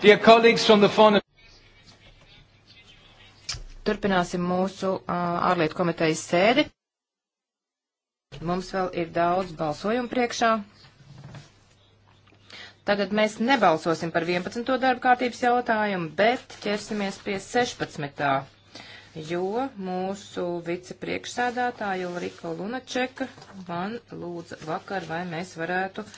Dear colleagues from the foreign turpināsim mūsu uh, ārlietu komitejas sēdi. Mums vēl ir daudz balsojumu priekšā. Tagad mēs nebalsosim par 11. darba kārtības jautājumu, bet ķersimies pie 16. Jo mūsu vicepriekšsēdētāja Ulrika Lunačeka man lūdza vakar, vai mēs varētu uh,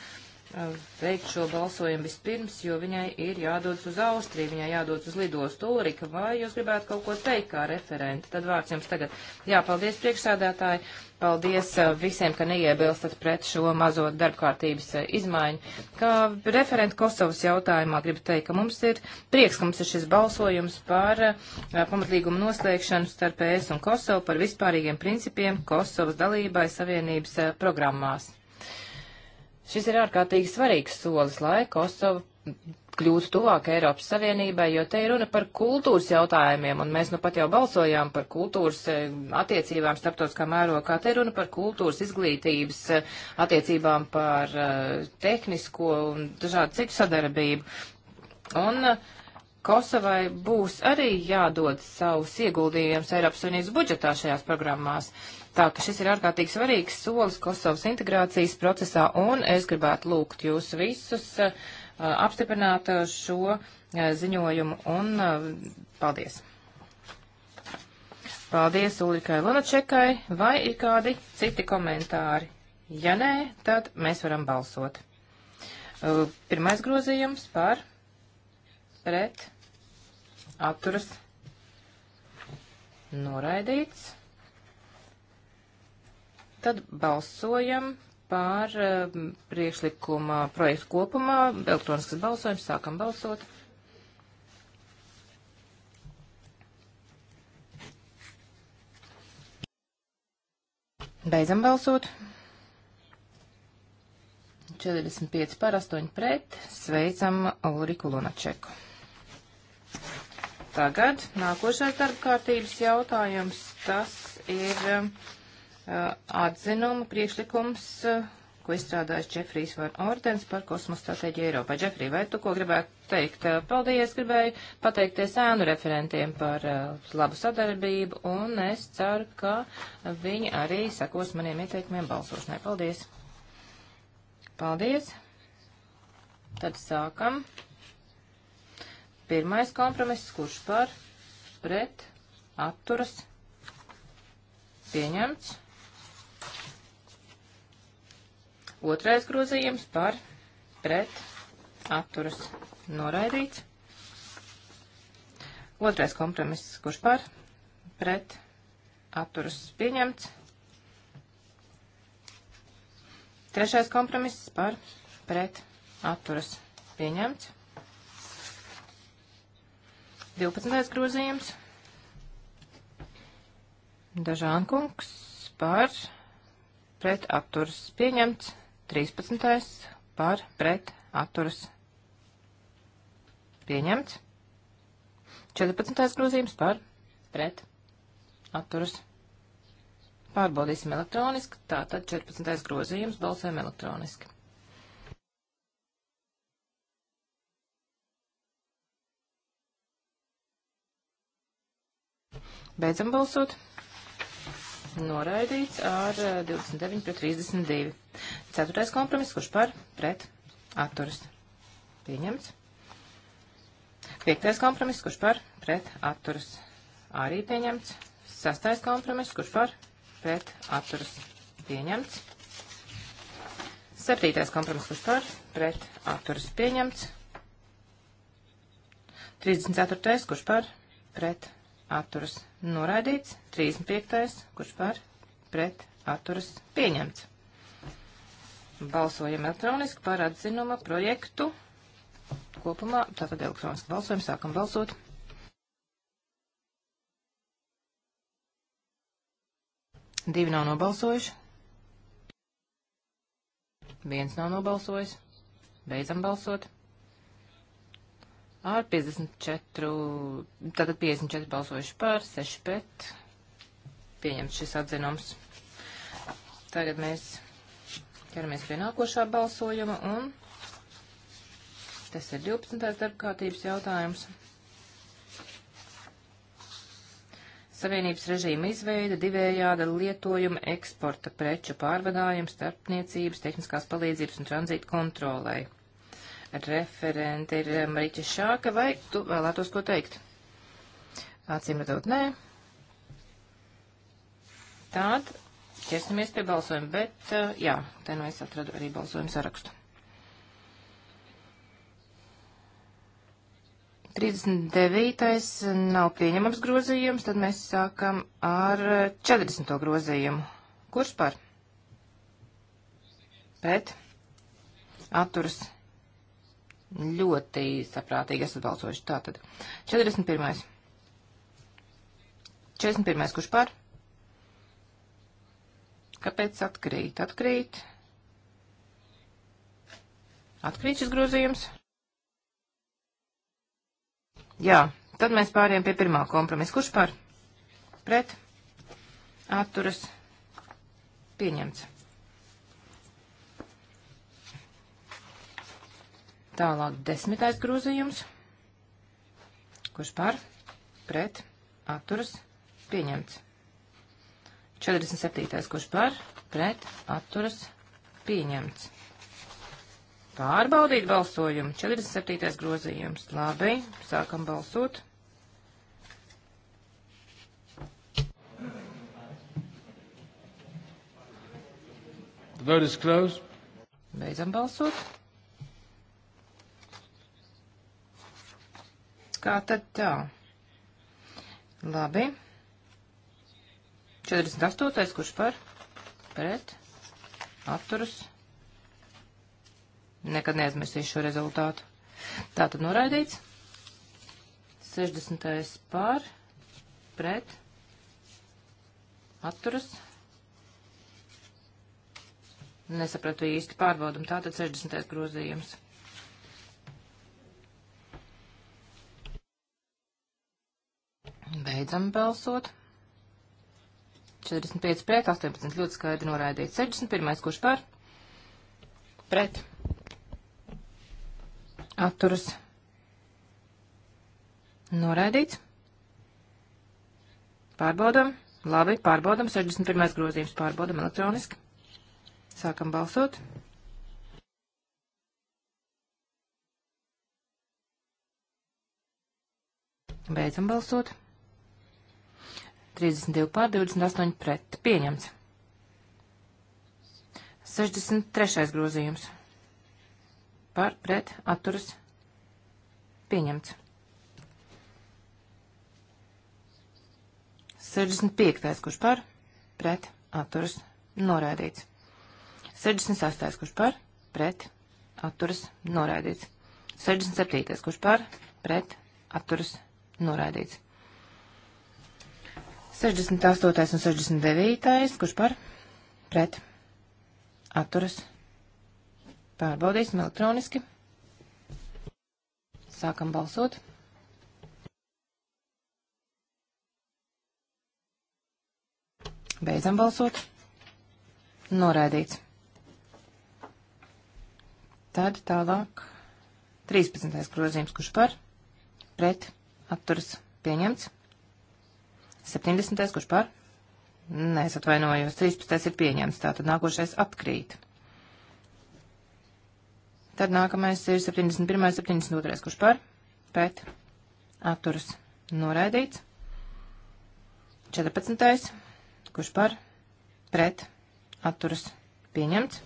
veikt šo balsojumu vispirms, jo viņai ir jādodas uz Austriju, viņai jādodas uz lidostu Ulrika, vai jūs gribētu kaut ko teikt kā referenti? Tad vārds jums tagad. Jā, paldies priekšsādātāji, paldies visiem, ka neiebilstat pret šo mazo darbkārtības izmaiņu. Kā referenti Kosovas jautājumā gribu teikt, ka mums ir prieks, ka mums ir šis balsojums par pamatlīgumu noslēgšanu starp ES un Kosovu par vispārīgiem principiem Kosovas dalībai savienības programmās. Šis ir ārkārtīgi svarīgs solis, lai Kosova kļūtu tuvāk Eiropas Savienībai, jo te ir runa par kultūras jautājumiem, un mēs nu pat jau balsojām par kultūras eh, attiecībām starptautiskā mērokā. Te ir runa par kultūras izglītības eh, attiecībām, par eh, tehnisko un dažādu citu sadarbību. Un uh, Kosovai būs arī jādod savus ieguldījumus Eiropas Unības budžetā šajās programmās. Tā ka šis ir ārkārtīgi svarīgs solis Kosovas integrācijas procesā, un es gribētu lūgt jūs visus uh, apstiprināt uh, šo uh, ziņojumu, un uh, paldies. Paldies Ulrikai Lunačekai, vai ir kādi citi komentāri? Ja nē, tad mēs varam balsot. Uh, pirmais grozījums par pret, atturas, noraidīts. Tad balsojam pār uh, um, priekšlikuma projektu kopumā. Elektronisks balsojums, sākam balsot. Beidzam balsot. 45 par 8 pret. Sveicam Ulriku Lunačeku. Tagad nākošais darba kārtības jautājums. Tas ir um, uh, atzinuma priekšlikums, uh, ko izstrādājis Džefrīs Van Ordens par kosmosa stratēģiju Eiropā. Džefrī, vai tu ko gribētu teikt? Uh, paldies, gribēju pateikties ēnu referentiem par uh, labu sadarbību, un es ceru, ka viņi arī sekos maniem ieteikumiem balsošanai. Paldies! Paldies! Tad sākam. Pirmais kompromiss, kurš par, pret, atturas, pieņemts. Otrais grozījums par, pret, atturas, noraidīts. Otrais kompromiss, kurš par, pret, atturas pieņemts. Trešais kompromiss par, pret, atturas pieņemts. 12. grozījums. Dažānkungs par pret atturas pieņemts. 13. par pret atturas pieņemts. 14. grozījums par pret atturas. Pārbaudīsim elektroniski, tātad 14. grozījums balsēm elektroniski. Beidzam balsot. Noraidīts ar 29 eh, pret 32. Ceturtais kompromiss, kurš par pret atturas. Pieņemts. Piektais kompromiss, kurš par pret atturas. Arī pieņemts. Sastais kompromiss, kurš par pret atturas. Pieņemts. Septītais kompromiss, kurš par pret atturas. Pieņemts. 34. kurš par pret atturas noraidīts, 35. kurš par pret atturas pieņemts. Balsojam elektroniski par atzinuma projektu kopumā, tātad elektroniski balsojam, sākam balsot. Divi nav nobalsojuši. Viens nav nobalsojis. Beidzam balsot ar 54, tātad 54 balsojuši par, 6 pret. Pieņemts šis atzinums. Tagad mēs ķeramies pie nākošā balsojuma un tas ir 12. darbkārtības jautājums. Savienības režīma izveida divējāda lietojuma eksporta preču pārvadājums starpniecības, tehniskās palīdzības un tranzīta kontrolai referente ir eh, Mariķa Šāka, vai tu vēlētos ko teikt? Acīm redzot, nē. Tād ķersimies pie balsojuma, bet eh, jā, te nu es atradu arī balsojumu sarakstu. 39. nav pieņemams grozījums, tad mēs sākam ar 40. Eh, grozījumu. Kurš par? Pret? Atturas Ļoti saprātīgi esat balsojuši. Tātad 41. 41. kurš par? Kāpēc atkrīt? Atkrīt. Atkrīt šis grozījums. Jā, tad mēs pāriem pie pirmā kompromisa. Kurš par? Pret? Atturas? Pieņemts. Tālāk desmitais grozījums. Kurš par? Pret. Atturas. Pieņemts. 47. Kurš par? Pret. Atturas. Pieņemts. Pārbaudīt balsojumu. 47. grozījums. Labi. Sākam balsot. The vote is closed. Beidzam balsot. Kā tad tā? Labi. 48. kurš par? Pret. Atturas. Nekad neaizmirsīšu šo rezultātu. Tā tad noraidīts. 60. pār. Pret. Atturas. Nesapratu īsti pārbaudam. Tātad 60. grozījums. Beidzam balsot. 45 pret, 18 ļoti skaidri noraidīts. 61. kurš par? Pret. Atturas. Noraidīts. Pārbaudam. Labi, pārbaudam. 61. grozījums pārbaudam elektroniski. Sākam balsot. Beidzam balsot. 32 pār 28 pret. Pieņemts. 63. grozījums. Par pret atturas. Pieņemts. 65. kurš par pret atturas. Noraidīts. 68. kurš par pret atturas. Noraidīts. 67. kurš par pret atturas. Noraidīts. 68. un 69. kurš par pret atturas pārbaudīsim elektroniski. Sākam balsot. Beidzam balsot. Noraidīts. Tad tālāk 13. grozījums, kurš par pret atturas pieņemts. 70. kurš par? Nē, es atvainojos, 13. ir pieņemts, tātad nākošais atkrīt. Tad nākamais ir 71. 72. kurš par? Pret. Atturas noraidīts. 14. kurš par? Pret. Atturas pieņemts.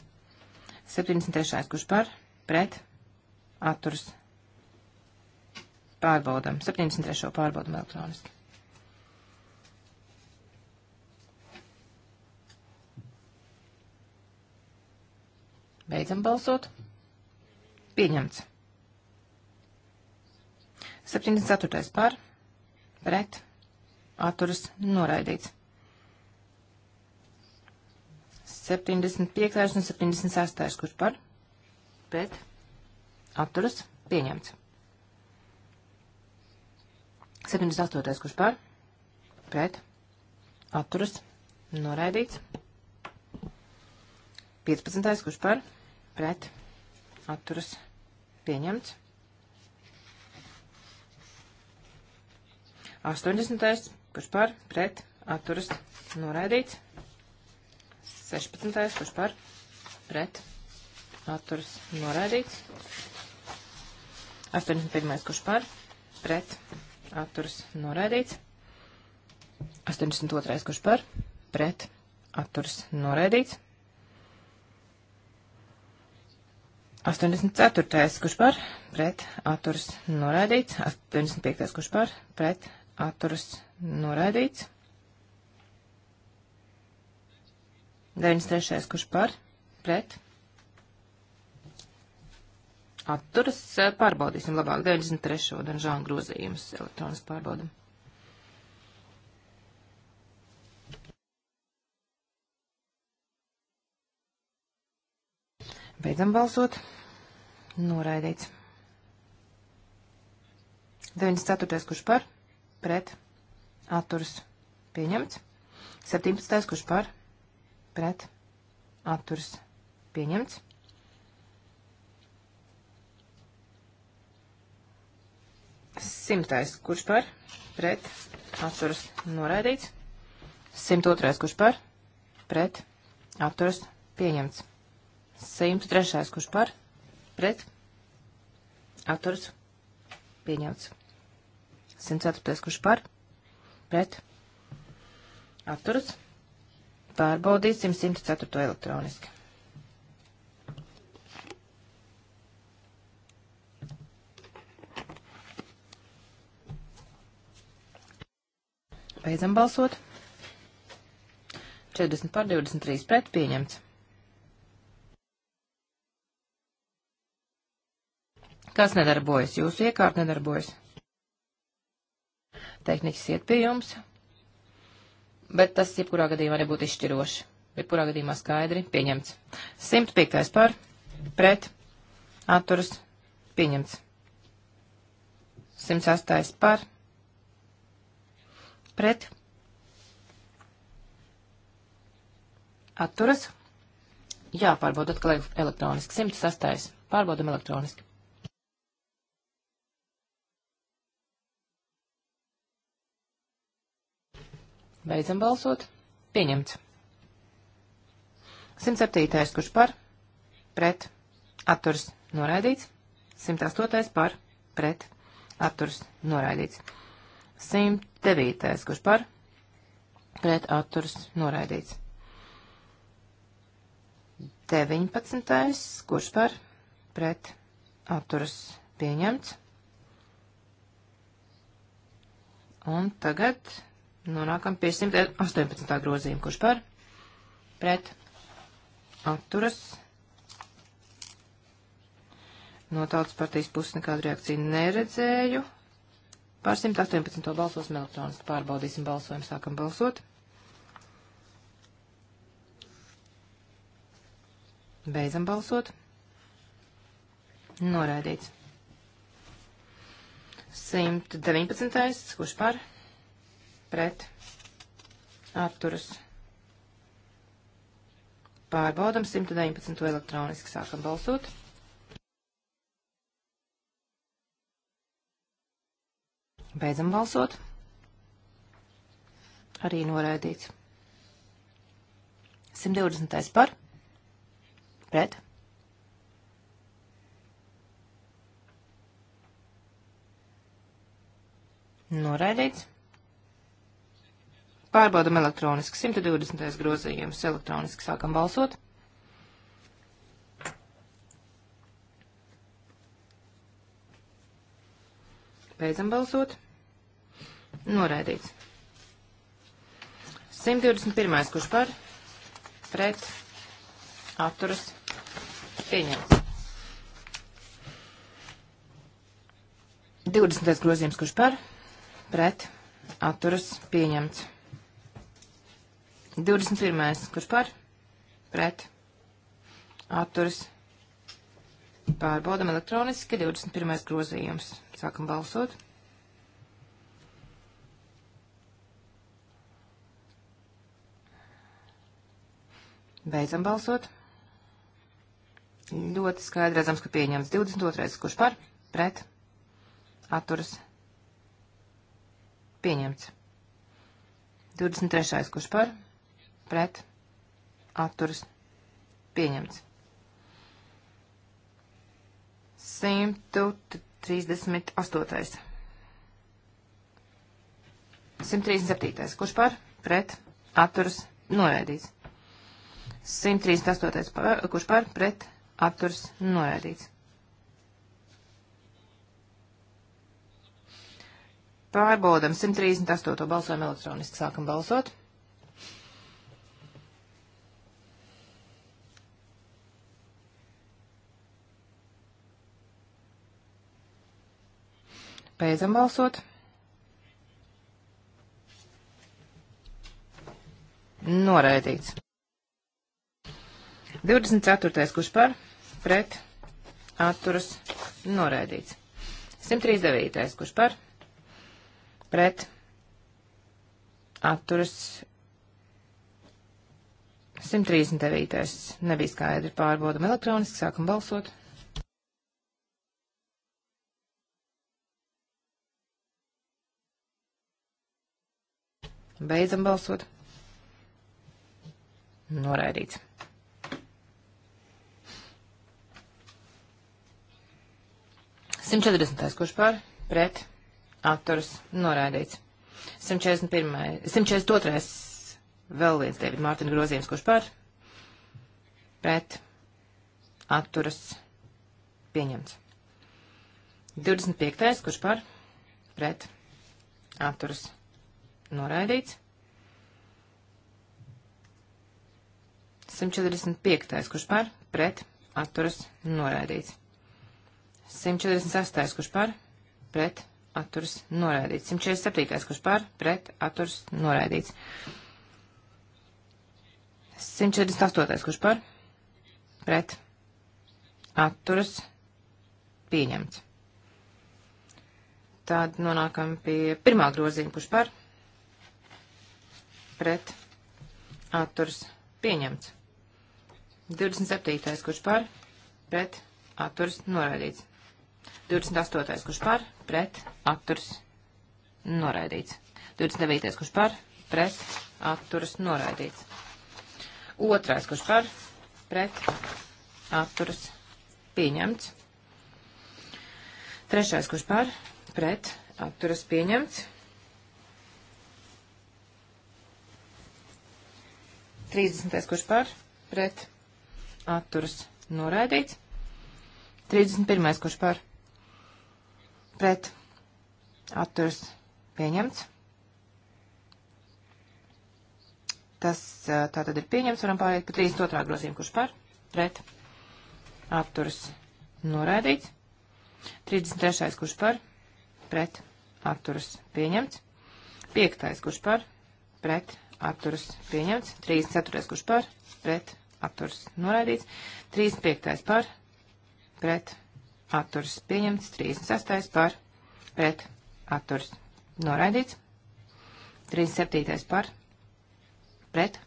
73. kurš par? Pret. Atturas pārbaudam. 73. pārbaudam elektroniski. Beidzam balsot. Pieņemts. 74. par, pret, atturas noraidīts. 75. un 76. kurš par, pret, atturas pieņemts. 78. kurš par, pret, atturas noraidīts. 15. kurš par pret atturas pieņemts. 80. kurš par pret atturas noraidīts. 16. kurš par pret atturas noraidīts. 81. kurš par pret atturas noraidīts. 82. kurš par pret atturas noraidīts. 84. kurš par pret atturas noraidīts, 85. kurš par pret atturas noraidīts, 93. kurš par pret atturas pārbaudīsim labāk 93. un žāna grozījumus elektronas pārbaudam. Beidzam balsot. Noraidīts. 94. kurš par, pret, atturs, pieņemts. 17. kurš par, pret, atturs, pieņemts. Simtais, kurš par, pret, atturas, noraidīts. Simt otrais, kurš par, pret, atturas, pieņemts. 103. kurš par, pret, atturas, pieņemts. 104. kurš par, pret, atturas, pārbaudīsim 104. elektroniski. Beidzam balsot. 40 par 23 pret pieņemts. Kas nedarbojas? Jūsu iekārta nedarbojas. Tehnikas iet pie jums, bet tas jebkurā gadījumā nebūtu izšķiroši. Jebkurā gadījumā skaidri pieņemts. 105. par, pret, atturas, pieņemts. 108. par, pret, atturas, jāpārbauda atkal elektroniski. 108. pārbaudam elektroniski. Beidzam balsot. Pieņemts. 107. kurš par, pret, atturs, noraidīts. 108. par, pret, atturs, noraidīts. 109. kurš par, pret, atturs, noraidīts. 19. kurš par, pret, atturs, pieņemts. Un tagad Nonākam pie 118. grozījuma, kurš par pret atturas. No tautas partijas puses nekādu reakciju neredzēju. Par 118. balsosim elektroniski, pārbaudīsim balsojumu, sākam balsot. Beidzam balsot. Noraidīts. 119. Kurš par? pret atturas. Pārbaudam 119 elektroniski sākam balsot. Beidzam balsot. Arī noraidīts. 120. par. Pret. Noraidīts. Pārbaudam elektroniski. 120. grozījums elektroniski sākam balsot. Beidzam balsot. Noraidīts. 121. kurš par, pret, atturas, pieņemts. 20. grozījums kurš par, pret, atturas, pieņemts. 21. Kurš par? Pret. Atturas. Pārbaudam elektroniski. 21. grozījums. Sākam balsot. Beidzam balsot. Ļoti skaidri redzams, ka pieņems 22. Kurš par? Pret. Atturas. Pieņemts. 23. Kurš par? pret atturas pieņemts. 138. 137. Kurš par? Pret. Atturas. Noraidīts. 138. Par, kurš par? Pret. Atturas. Noraidīts. Pārbaudam 138. balsojumu elektroniski. Sākam balsot. Beidzam balsot. Noraidīts. 24. kurš par, pret, atturas, noraidīts. 139. kurš par, pret, atturas, 139. nebija skaidri pārbaudam elektroniski, sākam balsot. 139. Beidzam balsot. Noraidīts. Simt četrdesmitais, kurš pār? Pret. Atturs. Noraidīts. 141. 142. Vēl viens David Mārtiņa grozījums, kurš pār? Pret. Atturas. Pieņemts. 25. kurš pār? Pret. Atturas. Pieņemts noraidīts. 145. kurš par, pret, atturas, noraidīts. 146. kurš par, pret, atturas, noraidīts. 147. kurš par, pret, atturas, noraidīts. 148. kurš par, pret, atturas, pieņemts. Tad nonākam pie pirmā groziņa, kurš par, pret pret atturs pieņemts. 27. kurš par pret atturs noraidīts. 28. kurš par pret atturs noraidīts. 29. kurš par pret atturs noraidīts. Otrais, kurš par pret atturs pieņemts. Trešais, kurš par pret atturs pieņemts. 30. kurš par pret atturas noraidīts. 31. kurš par pret atturas pieņemts. Tas tā tad ir pieņemts. Varam pāriet pa 32. grozījumu, kurš par pret atturas noraidīts. 33. kurš par pret atturas pieņemts. 5. kurš par pret atturas pieņemts, 34. kurš par, pret, atturas noraidīts, 35. par, pret, atturas pieņemts, 36. par, pret, atturas noraidīts, 37. par, pret,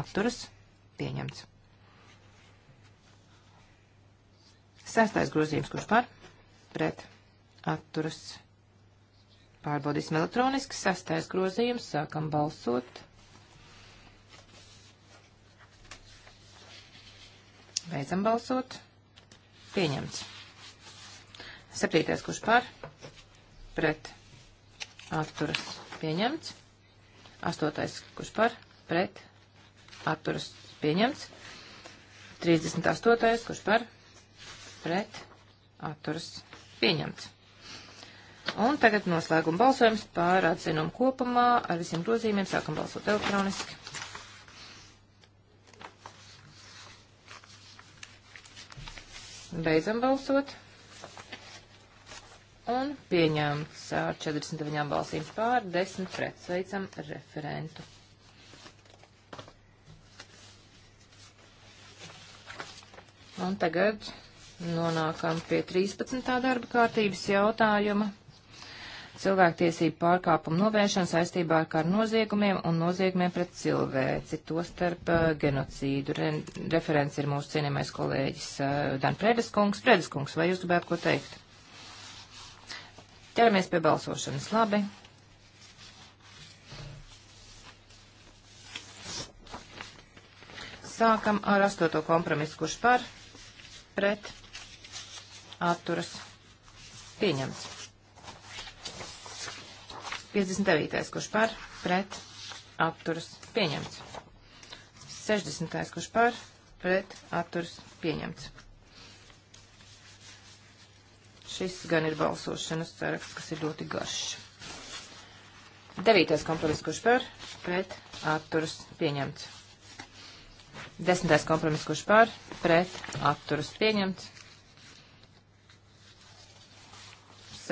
atturas pieņemts. Sestais grozījums, kurš par, pret, atturas pieņemts Pārbaudīsim elektroniski. Sastais grozījums. Sākam balsot. Beidzam balsot. Pieņemts. Septītais, kurš par? Pret. Atturas. Pieņemts. Astotais, kurš par? Pret. Atturas. Pieņemts. 38. kurš par? Pret. Atturas. Pieņemts. Un tagad noslēguma balsojums par atzinumu kopumā ar visiem grozījumiem. Sākam balsot elektroniski. Beidzam balsot. Un pieņemts ar 49 balsīm pār, 10 pret. Sveicam referentu. Un tagad nonākam pie 13. darba kārtības jautājuma cilvēktiesību pārkāpumu novēršanu saistībā ar karu noziegumiem un noziegumiem pret cilvēci, to starp uh, genocīdu. Re referents ir mūsu cienījamais kolēģis uh, Dan Predeskungs. Predeskungs, vai jūs gribētu ko teikt? Ķeramies pie balsošanas. Labi. Sākam ar astoto kompromisu, kurš par, pret, atturas, pieņemts. 59. kurš par, pret, atturas, pieņemts. 60. kurš par, pret, atturas, pieņemts. Šis gan ir balsošanas saraksts, kas ir ļoti garš. 9. kompromiss, kurš par, pret, atturas, pieņemts. 10. kompromiss, kurš par, pret, atturas, pieņemts.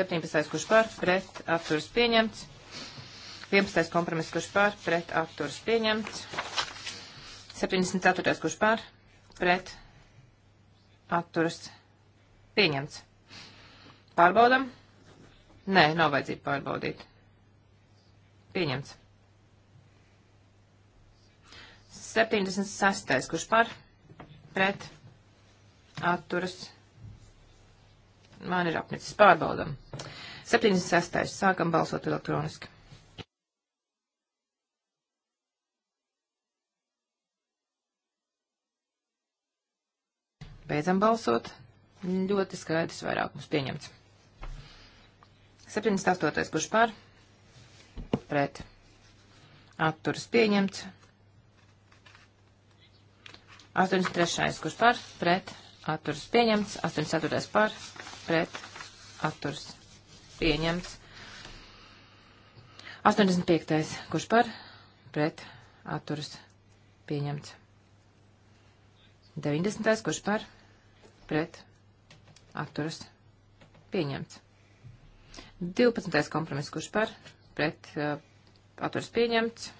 17. kurš par pret atturas pieņemts. 11. kompromiss, kurš par pret atturas pieņemts. 74. kurš par pret atturas pieņemts. Pārbaudam? Nē, nav vajadzība pārbaudīt. Pieņemts. 76. kurš par pret atturas pieņemts man ir apnicis. Pārbaudam. 76. Sākam balsot elektroniski. Beidzam balsot. Ļoti skaidrs vairākums pieņemts. 78. kurš pār? Pret. Atturas pieņemts. 83. kurš pār? Pret atturas pieņemts, 84. par, pret, atturas pieņemts, 85. kurš par, pret, atturas pieņemts, 90. kurš par, pret, atturas pieņemts, 12. kompromiss, kurš par, pret, uh, atturas pieņemts,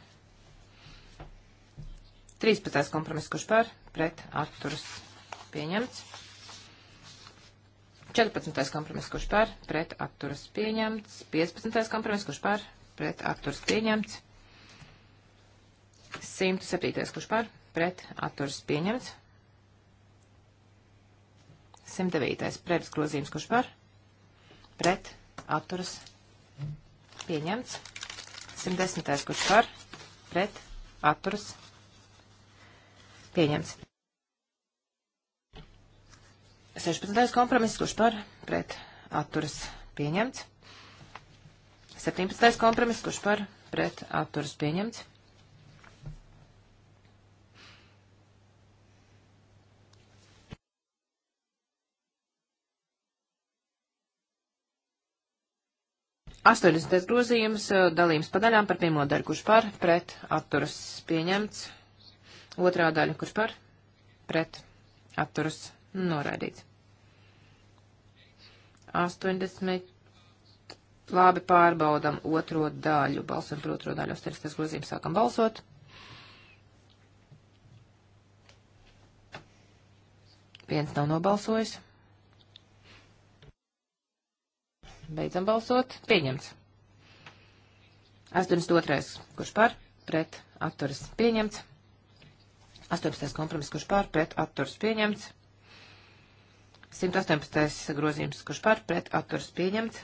13. kompromiss, kurš par, pret, atturas pieņemts pieņemts. 14. kompromiss, kurš par, pret atturas pieņemts. 15. kompromiss, kurš par, pret atturas pieņemts. 107. kurš par, pret atturas pieņemts. 109. pretis grozījums, kurš par, pret atturas pieņemts. 110. kurš par, pret atturas pieņemts. 16. kompromiss, kurš par pret atturas pieņemts. 17. kompromiss, kurš par pret atturas pieņemts. 80. grozījums eh, dalījums pa daļām par pirmo daļu, kurš par, pret, atturas pieņemts. Otrā daļa, kurš par, pret, atturas Noraidīts. 80. Labi, pārbaudam otro daļu. Balsam par otro daļu. Austeriskais grozījums sākam balsot. Viens nav nobalsojis. Beidzam balsot. Pieņemts. 82. Kurš par? Pret. Atturas. Pieņemts. 18. kompromiss. Kurš par? Pret. Atturas. Pieņemts. 118. grozījums, kurš par pret atturas pieņemts.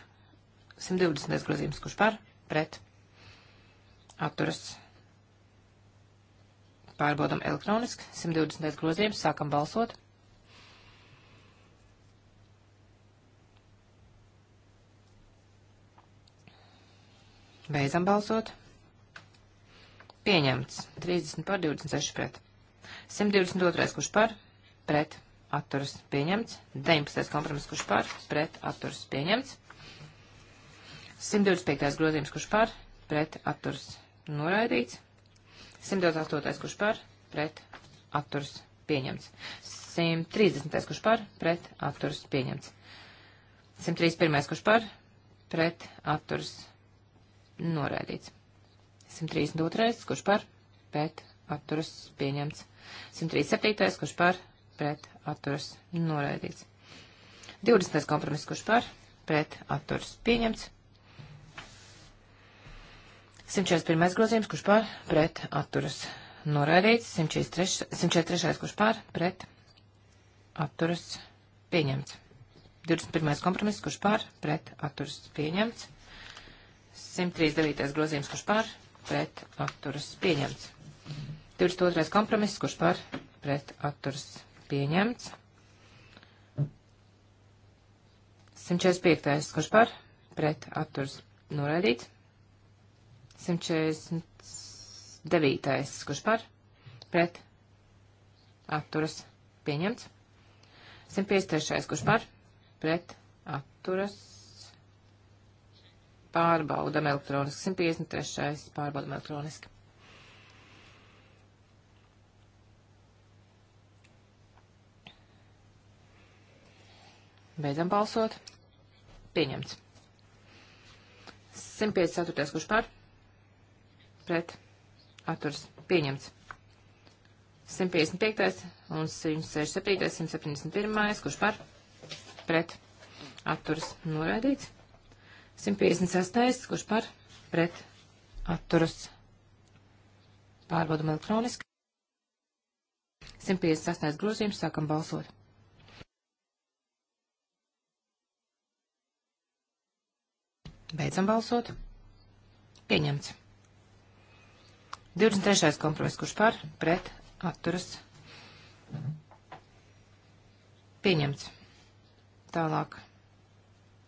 120. grozījums, kurš par pret atturas pārbaudam elektroniski. 120. grozījums, sākam balsot. Beidzam balsot. Pieņemts. 30 par 26 pret. 122. kurš par? Pret atturs pieņemts. 19. kompromiss, kurš par, pret, atturs pieņemts. 125. grozījums, kurš par, pret, atturs noraidīts. 128. kurš par, pret, atturs pieņemts. 130. kurš par, pret, atturs pieņemts. 131. kurš par, pret, atturs noraidīts. 132. kurš par, pret, atturs pieņemts. 137. kurš par, pret atturas noraidīts. 20. kompromiss, kurš par pret atturas pieņemts. 141. grozījums, kurš par pret atturas noraidīts. 143. 143. kurš par pret atturas pieņemts. 21. kompromiss, kurš pār, pret, atturas pieņemts. 139. grozījums, kurš pār, pret, atturas pieņemts. 22. kompromiss, kurš pār, pret, atturas pieņemts. 145. kurš par pret atturs noraidīts. 149. kurš par pret atturas pieņemts. 153. kurš par pret atturas pārbaudam elektroniski. 153. pārbaudam elektroniski. Beidzam balsot. Pieņemts. 154. kurš par? Pret. Atturs. Pieņemts. 155. un 167. 171. kurš par? Pret. Atturs. Noraidīts. 156. kurš par? Pret. Atturs. Pārbaudam elektroniski. 158. grozījums. Sākam balsot. Beidzam balsot. Pieņemts. 23. kompromiss, kurš par, pret, atturas. Pieņemts. Tālāk.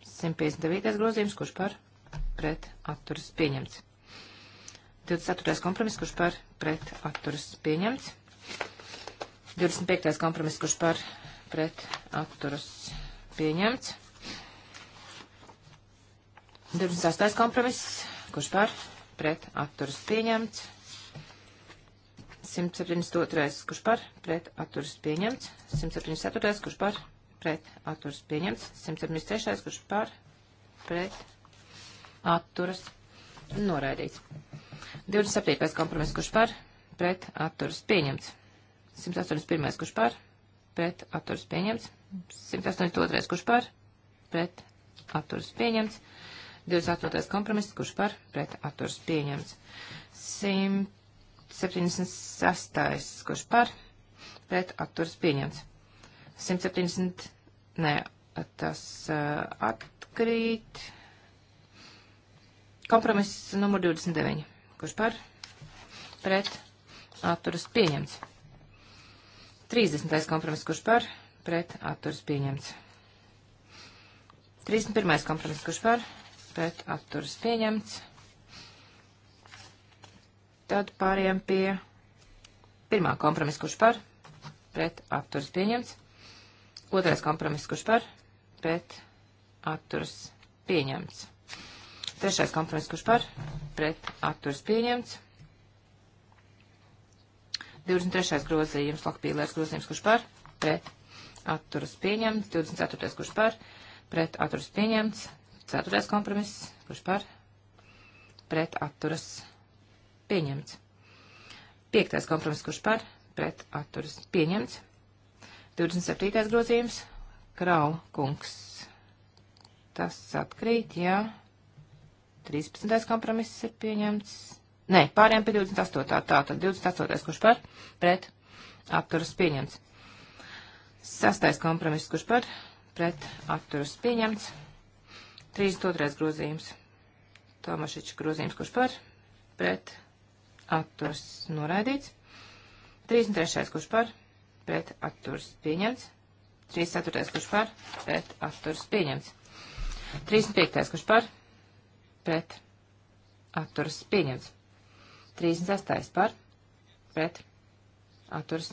159. grozījums, kurš par, pret, atturas. Pieņemts. 24. kompromiss, kurš par, pret, atturas. Pieņemts. 25. kompromiss, kurš par, pret, atturas. Pieņemts. 28. kompromiss, kurš par, pret, atturas pieņemts. 172. kurš par, pret, atturas pieņemts. 174. kurš par, pret, atturas pieņemts. 173. kurš par, pret, atturas noraidīts. 27. kompromiss, kurš par, pret, atturas pieņemts. 181. kurš par, pret, atturas pieņemts. 182. kurš par, pret, atturas pieņemts. 28. kompromiss, kurš par pret atturs pieņemts. 176. kurš par pret atturs pieņemts. 170. Nē, tas uh, atkrīt. Kompromiss numur 29. Kurš par pret atturs pieņemts. 30. kompromiss, kurš par pret atturs pieņemts. 31. kompromiss, kurš par pret pret atturas pieņemts. Tad pāriem pie pirmā kompromisa, kurš par pret atturas pieņemts. Otrais kompromiss, kurš par pret atturas pieņemts. Trešais kompromiss, kurš par pret atturas pieņemts. 23. grozījums, Lakpīlērs grozījums, kurš par, pret, atturas pieņemts, 24. kurš par, pret, atturas pieņemts, Ceturtais kompromiss, kurš par, pret atturas pieņemts. Piektais kompromiss, kurš par, pret atturas pieņemts. 27. grozījums, Kraula kungs. Tas atkrīt, jā. 13. kompromiss ir pieņemts. Nē, pārējām pie 28. Tātad 28. kurš par, pret atturas pieņemts. Sastais kompromiss, kurš par, pret atturas pieņemts. 32. grozījums. Tomašiča grozījums, kurš par, pret, atturs noraidīts. 33. kurš par, pret, atturs pieņemts. 34. kurš par, pret, atturs pieņemts. 35. kurš par, pret, atturs pieņemts. 36. par, pret, atturs.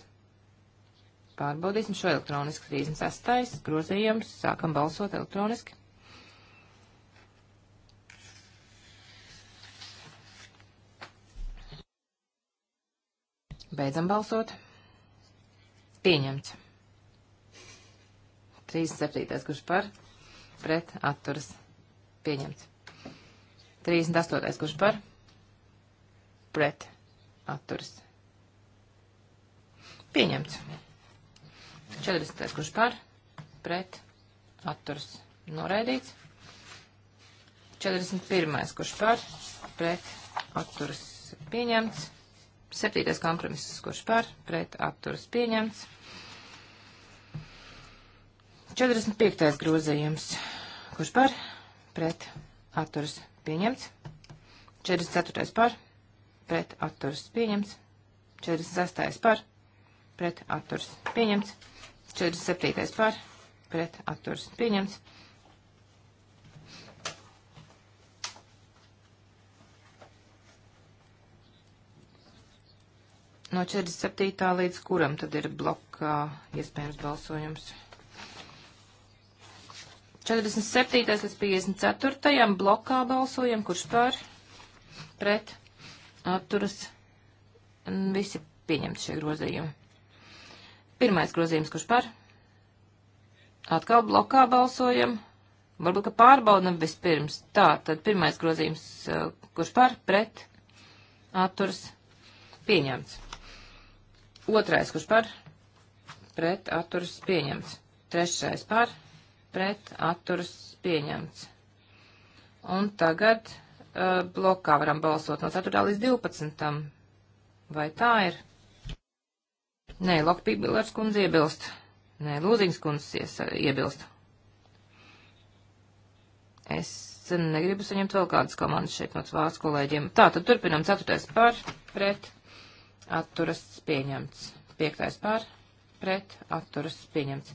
Pārbaudīsim šo elektronisku 36. grozījums. Sākam balsot elektroniski. Beidzam balsot. Pieņemts. 37. kurš par, pret, atturas. Pieņemts. 38. kurš par, pret, atturas. Pieņemts. 40. kurš par, pret, atturas. Noraidīts. 41. kurš par, pret, atturas. Pieņemts. Septītais kompromiss, kurš par, pret atturas pieņemts. 45. grozījums, kurš par, pret atturas pieņemts. 44. par, pret atturas pieņemts. 46. par, pret atturas pieņemts. 47. par, pret atturas pieņemts. No 47. līdz kuram tad ir blokā iespējams balsojums? 47. līdz 54. blokā balsojam, kurš par, pret, atturas, visi pieņemti šie grozījumi. Pirmais grozījums, kurš par, atkal blokā balsojam, varbūt, ka pārbaudam vispirms. Tā, tad pirmais grozījums, uh, kurš par, pret, atturas, pieņemts. Otrais, kurš par pret atturas pieņemts. Trešais par pret atturas pieņemts. Un tagad uh, blokā varam balsot no 4. līdz 12. Vai tā ir? Nē, Lokpībīlārs kundze iebilst. Nē, Lūziņas kundze uh, iebilst. Es negribu saņemt vēl kādas komandas šeit no vārds kolēģiem. Tā, tad turpinam 4. par pret atturas pieņemts. Piektais par, pret, atturas pieņemts.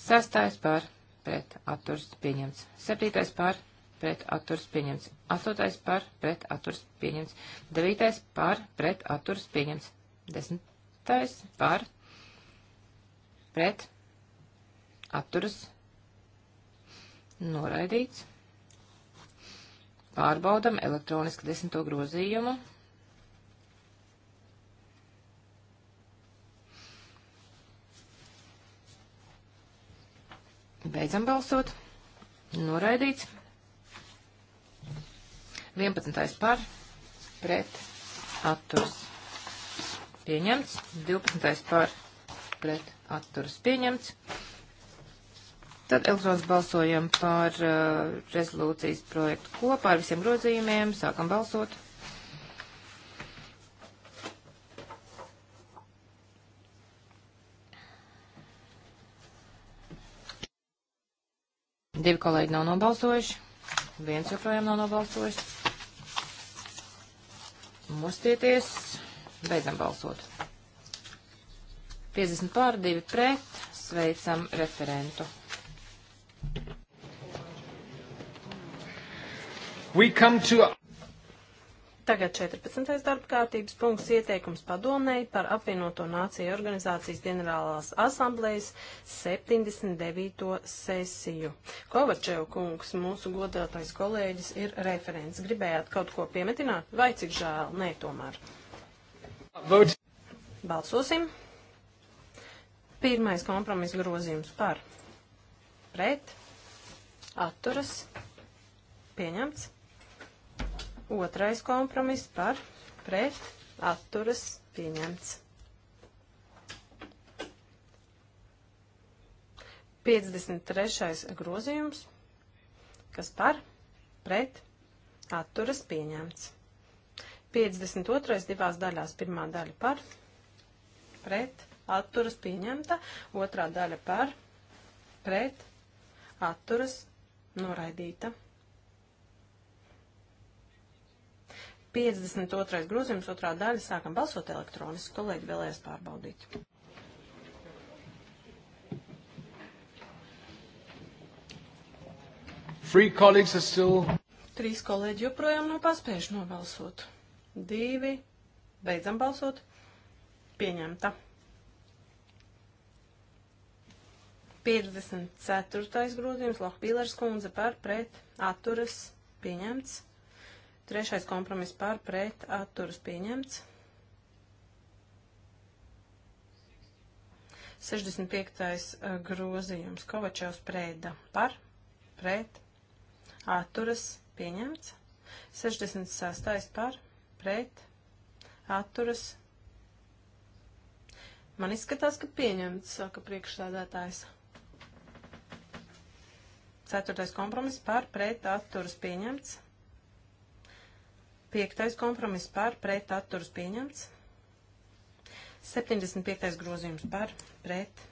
Sastais par, pret, atturas pieņemts. Septītais par, pret, atturas pieņemts. Astotais par, pret, atturas pieņemts. Devītais par, pret, atturas pieņemts. Desmitais par, pret, atturas noraidīts. Pārbaudam elektroniski desmito grozījumu. Beidzam balsot. Noraidīts. 11. par pret atturs pieņemts. 12. par pret atturs pieņemts. Tad elektrons balsojam par uh, rezolūcijas projektu kopā ar visiem grozījumiem. Sākam balsot. Divi kolēģi nav nobalsojuši, viens joprojām nav nobalsojis. Mustieties, beidzam balsot. 50 pār, 2 pret, sveicam referentu. We come to Tagad 14. darba kārtības punkts ieteikums padomēji par apvienoto nāciju organizācijas ģenerālās asamblējas 79. sesiju. Kovačev kungs, mūsu godātais kolēģis, ir referents. Gribējāt kaut ko piemetināt? Vai cik žēl? Nē, tomēr. Vote. Balsosim. Pirmais kompromis grozījums par. Pret. Atturas. Pieņemts. Otrais kompromiss par pret atturas pieņemts. 53. grozījums, kas par pret atturas pieņemts. 52. divās daļās pirmā daļa par pret atturas pieņemta, otrā daļa par pret atturas noraidīta. 52. grozījums, otrā daļa, sākam balsot elektroniski, kolēģi vēlēs pārbaudīt. Three colleagues are still... Trīs kolēģi joprojām nav paspējuši nobalsot. Divi. Beidzam balsot. Pieņemta. 54. grozījums Lohpīlers kundze par pret atturas pieņemts. Trešais kompromiss par pret atturas pieņemts. 65. Uh, grozījums Kovačevs prēda par pret atturas pieņemts. 66. par pret atturas. Man izskatās, ka pieņemts, saka priekšsādātājs. Ceturtais kompromiss par pret atturas pieņemts. Piektais kompromiss par pret atturas pieņemts. 75. grozījums par pret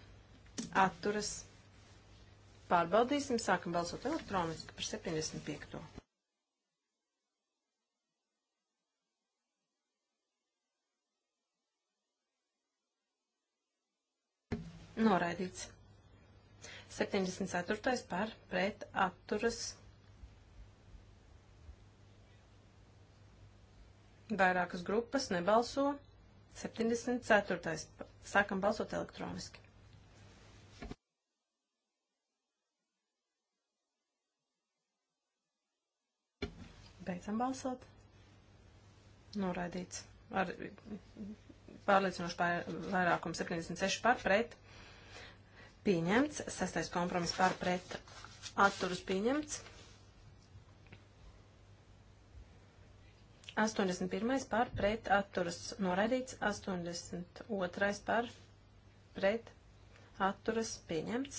atturas. Pārbaudīsim, sākam balsot elektroniski par 75. Noraidīts. 74. par pret atturas Vairākas grupas nebalso. 74. Sākam balsot elektroniski. Beidzam balsot. Noraidīts. Ar pārliecinošu pār, vairākumu 76 par pret. Pieņemts. Sestais kompromiss par pret. Atturus pieņemts. 81. par pret atturas noraidīts, 82. par pret atturas pieņemts,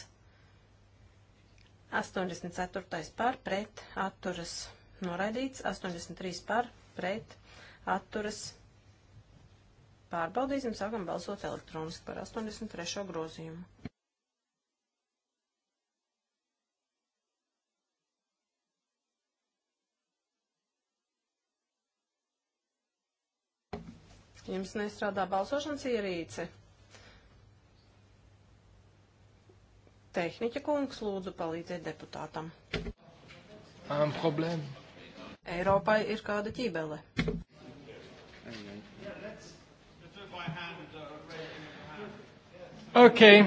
84. par pret atturas noraidīts, 83. par pret atturas pārbaudīsim, sākam balsot elektroniski par 83. grozījumu. Jums nestrādā balsošanas ierīce. Tehniķa kungs lūdzu palīdziet deputātam. Um, problēma. Eiropai ir kāda ķībele. Okay.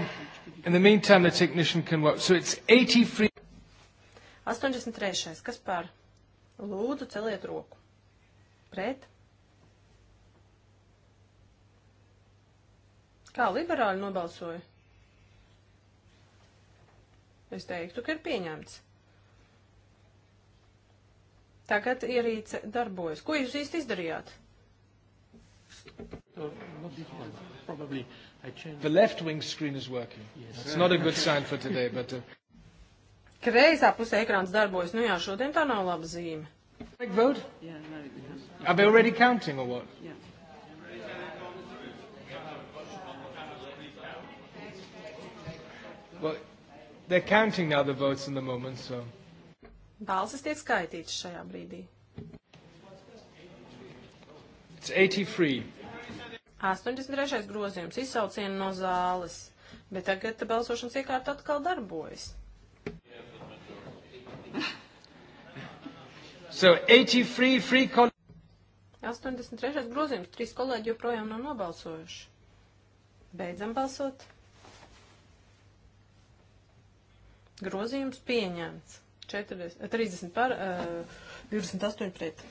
In the meantime, the technician can work. So it's 83. 83. Kas par? Lūdzu, celiet roku. Pret. Tā liberāļi nobalsoja. Es teiktu, ka ir pieņemts. Tagad ierīce darbojas. Ko jūs īsti izdarījāt? Uh, not this one. Probably I changed. The left wing screen is working. Yes. It's not a good sign for today, but. Uh... Kreisā pusē ekrāns darbojas. Nu jā, šodien tā nav laba zīme. Quick vote? Yeah, no, Are they already counting or what? Yeah. Well, they're counting now the votes in the moment, so. Balsis tiek skaitītas šajā brīdī. It's 83. 83. grozījums izsauciena no zāles, bet tagad balsošanas iekārta atkal darbojas. So 83, free call. 83. grozījums, trīs kolēģi joprojām nav nobalsojuši. Beidzam balsot. Grozījums pieņemts. 40, 30 eh, par, uh, eh, 28 pret.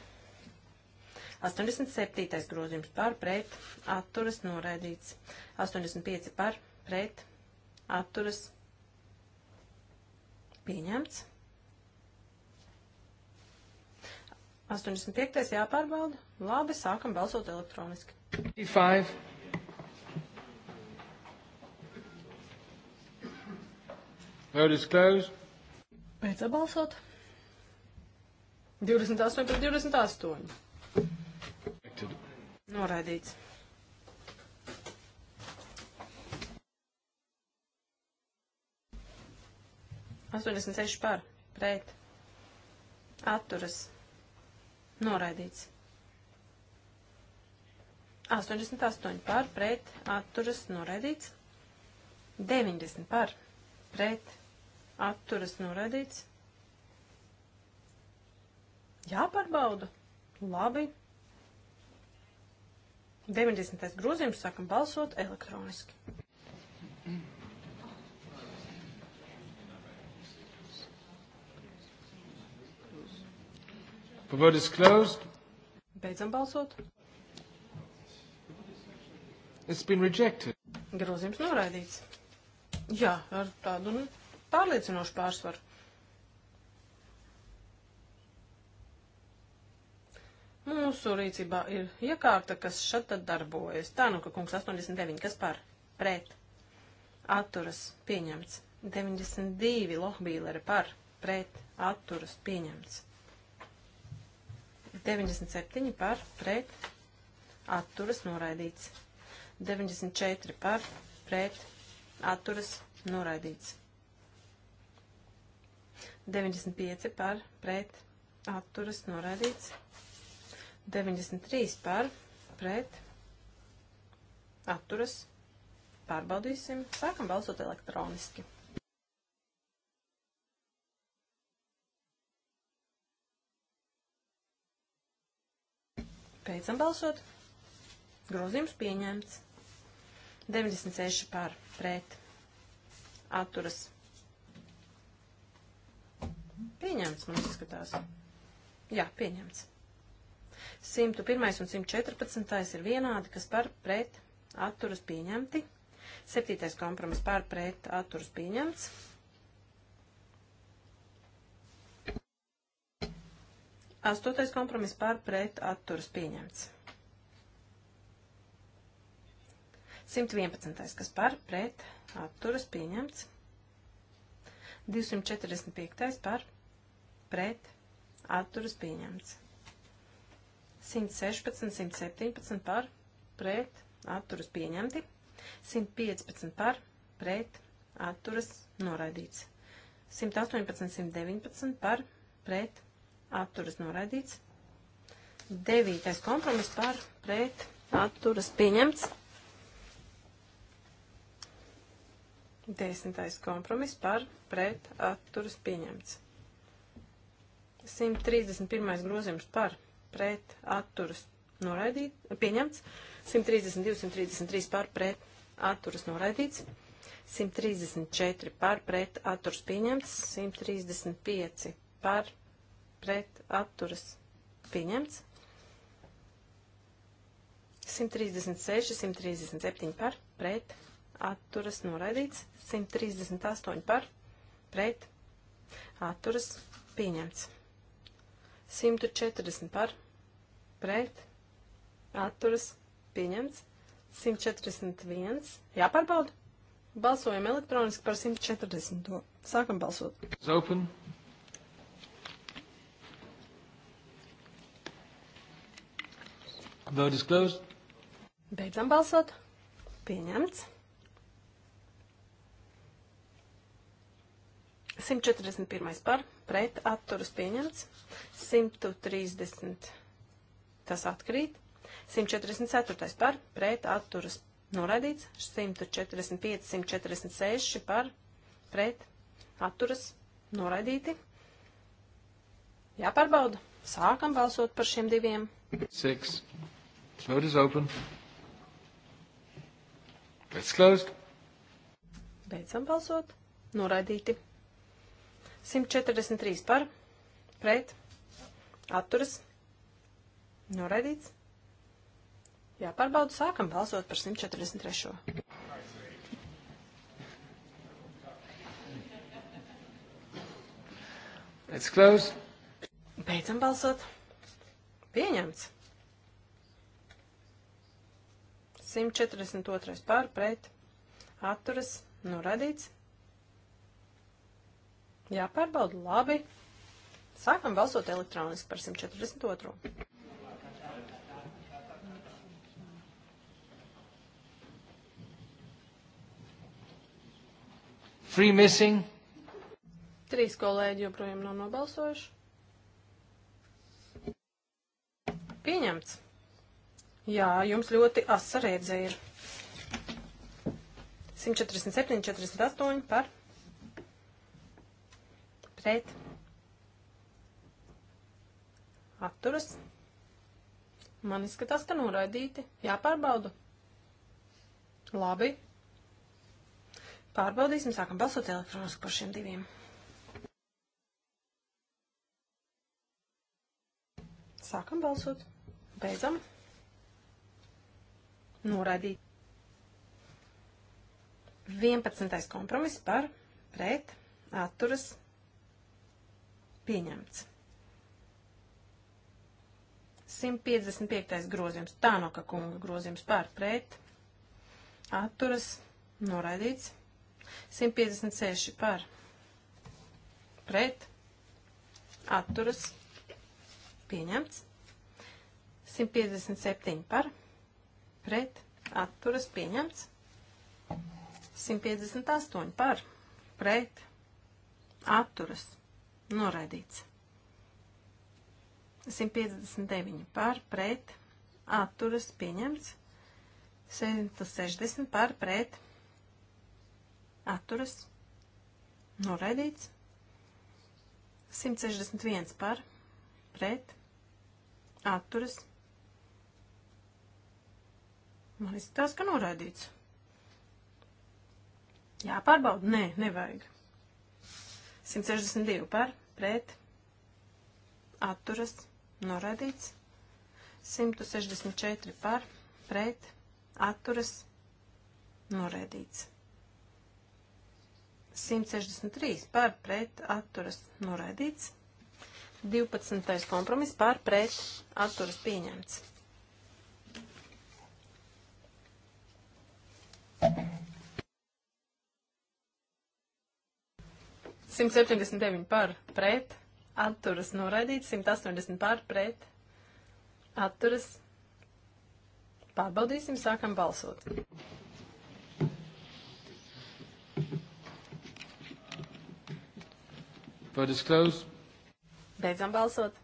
87. grozījums par, pret, atturas noraidīts. 85 par, pret, atturas pieņemts. 85. jāpārbauda. Labi, sākam balsot elektroniski. 5. Vote is closed. Beidzam balsot. 28 pret 28. Noraidīts. Astoņdesmit seši par, pret, atturas, noraidīts. Astoņdesmit astoņi par, pret, atturas, noraidīts. Deviņdesmit par, pret, atturas noraidīts. Jāpārbauda. Labi. 90. grozījums sākam balsot elektroniski. The vote is closed. Beidzam balsot. It's been rejected. Grozījums noraidīts. Jā, ar tādu. Nu, pārliecinošu pārsvaru. Mūsu rīcībā ir iekārta, kas šad tad darbojas. Tā nu, ka kungs 89, kas par? Pret. Atturas pieņemts. 92 lohbīlere par. Pret. Atturas pieņemts. 97 par. Pret. Atturas noraidīts. 94 par. Pret. Atturas noraidīts. 95 par pret atturas noraidīts. 93 par pret atturas. Pārbaudīsim. Sākam balsot elektroniski. Beidzam balsot. Grozījums pieņemts. 96 par pret atturas Pieņemts, man izskatās. Jā, pieņemts. 101 un 114 ir vienādi, kas par pret atturas pieņemti. 7. kompromiss par pret atturas pieņemts. Astotais kompromiss par pret atturas pieņemts. 111. kas par pret atturas pieņemts. 245. par pret atturas pieņemts. 116, 117 par pret atturas pieņemti. 115 par pret atturas noraidīts. 118, 119 par pret atturas noraidīts. 9. kompromiss par pret atturas pieņemts. Desmitais kompromis par pret atturas pieņemts. 131. grozījums par pret atturas noraidīt, pieņemts. 132, 133 par pret atturas noraidīts. 134 par pret atturas pieņemts. 135 par pret atturas pieņemts. 136, 137 par pret atturas noraidīts, 138 par, pret, atturas pieņemts, 140 par, pret, atturas pieņemts, 141, jāpārbauda, balsojam elektroniski par 140, sākam balsot. It's open. Vote is closed. Beidzam balsot. Pieņemts. 141. par pret atturas pieņemts. 130. Tas atkrīt. 144. par pret atturas noraidīts. 145, 146 par pret atturas noraidīti. Jāpārbauda. Sākam balsot par šiem diviem. 6. Vote is open. That's closed. Beidzam balsot. Noraidīti. 143 par, pret, atturas, noraidīts. Jāpārbauda, sākam balsot par 143. It's closed. Beidzam balsot. Pieņemts. 142. pār pret. Atturas. Noradīts. Jāpārbauda labi. Sākam balsot elektroniski par 142. Three missing. Trīs kolēģi joprojām nav nobalsojuši. Pieņemts. Jā, jums ļoti asa redzēja ir. 147, 48 par pret atturas. Man izskatās, ka noraidīti. Jāpārbauda. Labi. Pārbaudīsim, sākam balsot elektroniski par šiem diviem. Sākam balsot. Beidzam. Noraidīt. 11. kompromiss par pret atturas Pieņemts. 155. grozījums, Tānoka kunga grozījums pār pret, atturas, noraidīts. 156 par pret, atturas, pieņemts. 157 par pret, atturas, pieņemts. 158 par pret, atturas, pieņemts. Noraidīts. 159 par pret atturas pieņemts. 160 par pret atturas noraidīts. 161 par pret atturas. Man izskatās, ka noraidīts. Jāpārbauda? Nē, nevajag. 162 par, pret, atturas, noraidīts. 164 par, pret, atturas, noraidīts. 163 par, pret, atturas, noraidīts. 12. kompromiss par, pret, atturas pieņemts. Thank you. 179 par pret, atturas noraidīts, 180 par pret, atturas. Pārbaudīsim, sākam balsot. Vote is closed. Beidzam balsot.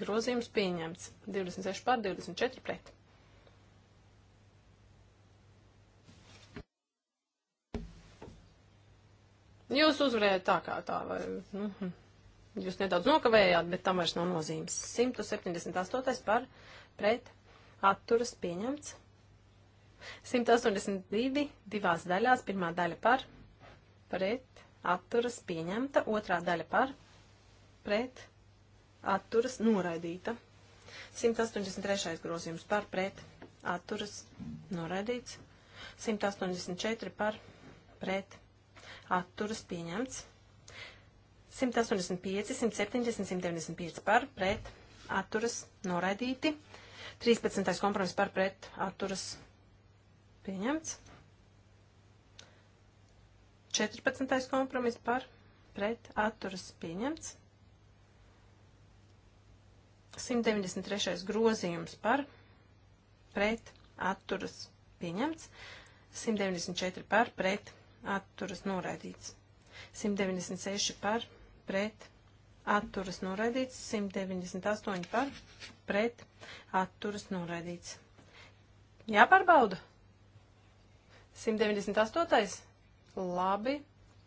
Grozījums pieņemts. 26 par, 24 pret. Jūs uzvarējāt tā kā tā, vai, nu, jūs nedaudz nokavējāt, bet tam vairs nav nozīmes. 178. par pret atturas pieņemts. 182. divās daļās, pirmā daļa par pret atturas pieņemta, otrā daļa par pret atturas noraidīta. 183. grozījums par pret atturas noraidīts. 184 par pret atturas pieņemts. 185, 170, 195 par pret atturas noraidīti. 13. kompromiss par pret atturas pieņemts. 14. kompromiss par pret atturas pieņemts. 193. grozījums par pret atturas pieņemts. 194 par pret atturas noraidīts. 196 par, pret, atturas noraidīts. 198 par, pret, atturas noraidīts. Jāpārbauda. 198. Labi.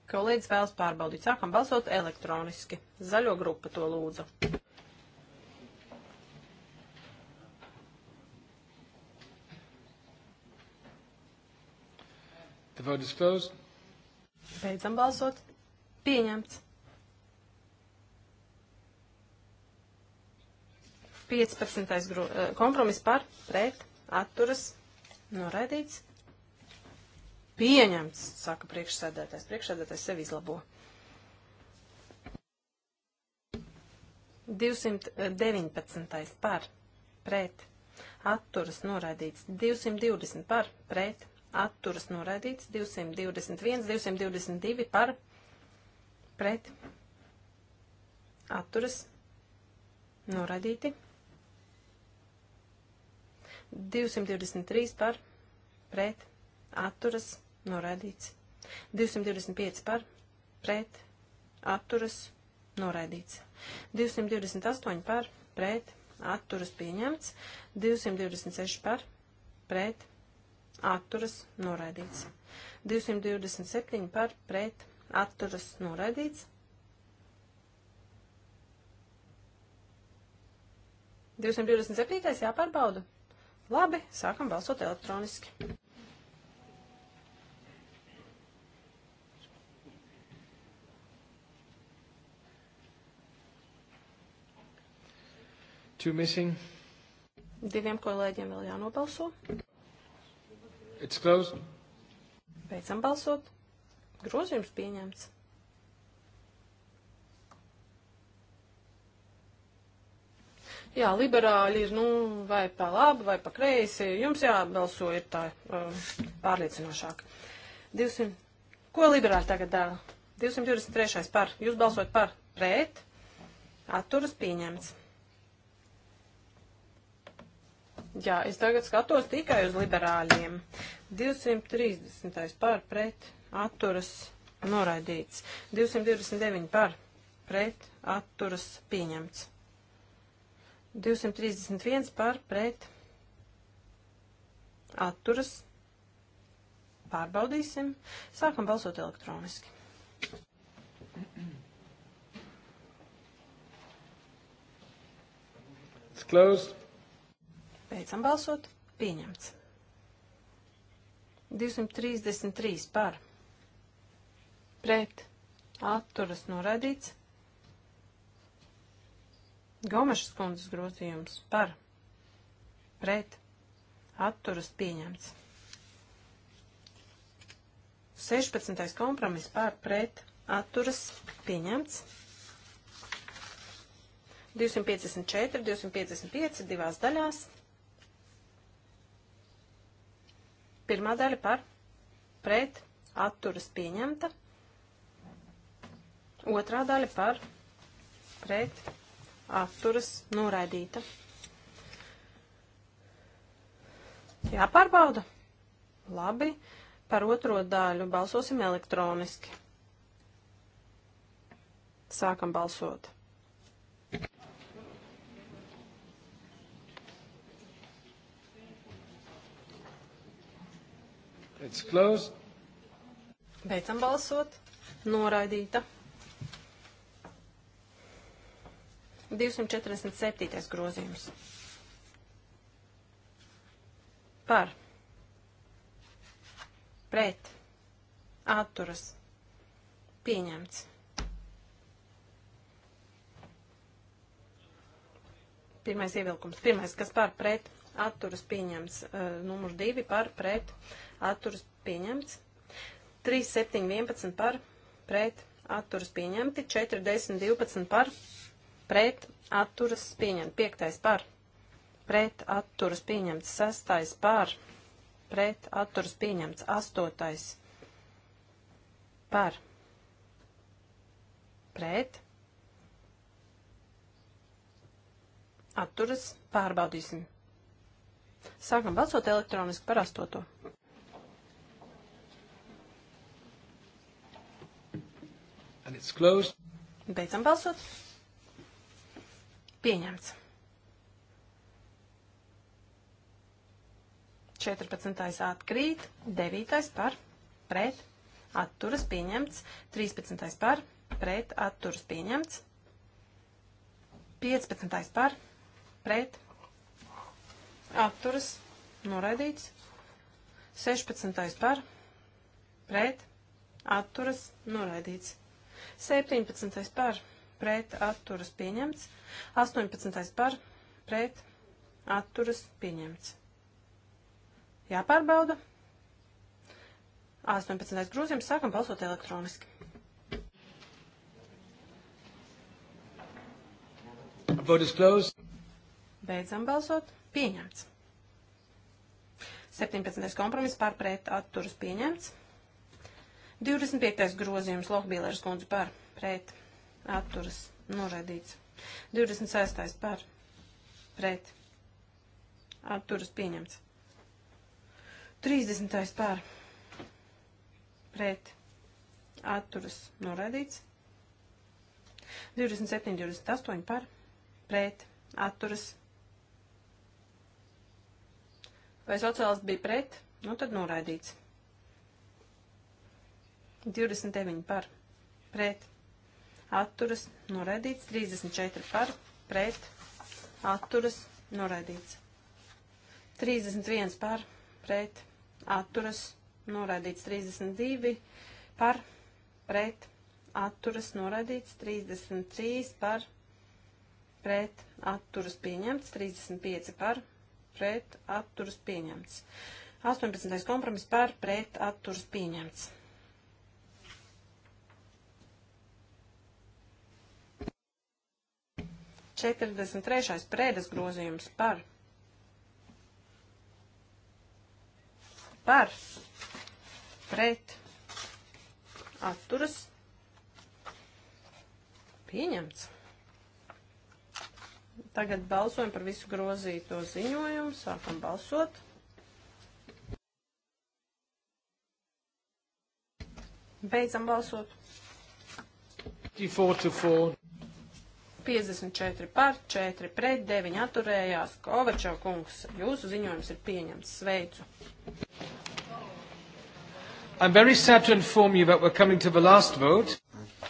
Kolēģis vēlas pārbaudīt. Sākam balsot elektroniski. Zaļo grupa to lūdzu. The vote is closed. Beidzam balsot. Pieņemts. 15. Gru, kompromis par, pret, atturas, noraidīts. Pieņemts, saka priekšsēdētājs. Priekšsēdētājs sevi izlabo. 219. Eh, par, pret, atturas, noraidīts. 220 par, pret, atturas noraidīts, 221, 222 par pret atturas noraidīti, 223 par pret atturas noraidīts, 225 par pret atturas noraidīts, 228 par pret atturas pieņemts, 226 par pret atturas atturas noraidīts. 227 par pret atturas noraidīts. 227. jāpārbauda. Labi, sākam balsot elektroniski. Two missing. Diviem kolēģiem vēl jānobalso. It's closed. Beidzam balsot. Grozījums pieņemts. Jā, liberāļi ir, nu, vai pa labi, vai pa kreisi. Jums jābalso ir tā uh, pārliecinošāk. 200. Ko liberāļi tagad dara? 223. par. Jūs balsot par. Pret. Atturas pieņemts. Jā, es tagad skatos tikai uz liberāļiem. 230. par pret atturas noraidīts. 229 par pret atturas pieņemts. 231 par pret atturas pārbaudīsim. Sākam balsot elektroniski. It's closed. Beidzam balsot. Pieņemts. 233 par. Pret. Atturas noraidīts. Gomešas kundzes grozījums par. Pret. Atturas pieņemts. 16. kompromiss par pret atturas pieņemts. 254, 255 divās daļās. Pirmā daļa par pret atturas pieņemta. Otrā daļa par pret atturas noraidīta. Jāpārbauda. Labi. Par otro daļu balsosim elektroniski. Sākam balsot. It's closed. Beidzam balsot. Noraidīta. 247. grozījums. Par. Pret. Atturas. Pieņemts. Pirmais ievilkums. Pirmais, kas par pret atturas pieņemts. Uh, numurs divi par pret atturas pieņemts. 3, 7, 11 par pret atturas pieņemti. 4, 10, 12 par pret atturas pieņemti. 5 par pret atturas pieņemts. 6 par pret atturas pieņemts. 8 par pret atturas pārbaudīsim. Sākam balsot elektroniski par astoto. And it's closed. Beidzam balsot. Pieņemts. 14. atkrīt, 9. par, pret, atturas pieņemts, 13. par, pret, atturas pieņemts, 15. par, pret, atturas noraidīts, 16. par, pret, atturas noraidīts. 17. par pret atturas pieņemts. 18. par pret atturas pieņemts. Jāpārbauda. 18. grūzījums sākam balsot elektroniski. Vote is closed. Beidzam balsot. Pieņemts. 17. kompromiss par pret atturas pieņemts. 25. grozījums Lohbīlērs kundze par pret atturas noraidīts. 26. par pret atturas pieņemts. 30. par pret atturas noraidīts. 27, 28 par pret atturas. Vai sociālists bija pret? Nu tad noraidīts. 29 par pret atturas noraidīts, 34 par pret atturas noraidīts, 31 par pret atturas noraidīts, 32 par pret atturas noraidīts, 33 par pret atturas pieņemts, 35 par pret atturas pieņemts. 18. kompromiss par pret atturas pieņemts. 43. prēdas grozījums par. Par. Pret. Atturas. Pieņemts. Tagad balsojam par visu grozīto ziņojumu. Sākam balsot. Beidzam balsot. 54 to 4. 54 par, 4 pret, 9 atturējās. Kovačo kungs, jūsu ziņojums ir pieņemts. Sveicu! I'm very sad to inform you that we're coming to the last vote.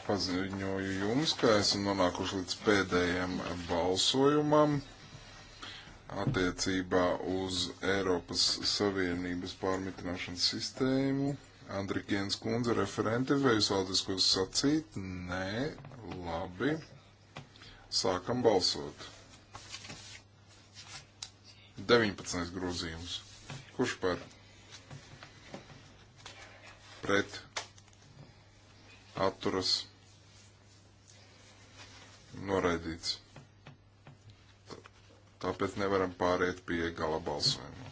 Paziņoju jums, ka esam nonākuši līdz pēdējiem balsojumam attiecībā uz Eiropas Savienības pārmitināšanas sistēmu. Andrikienas kundze referente, vai jūs vēlaties ko sacīt? Nē, labi. Sākam balsot. 19. grozījums. Kurš par? Pret. Atturas. Noraidīts. Tāpēc nevaram pāriet pie gala balsojuma.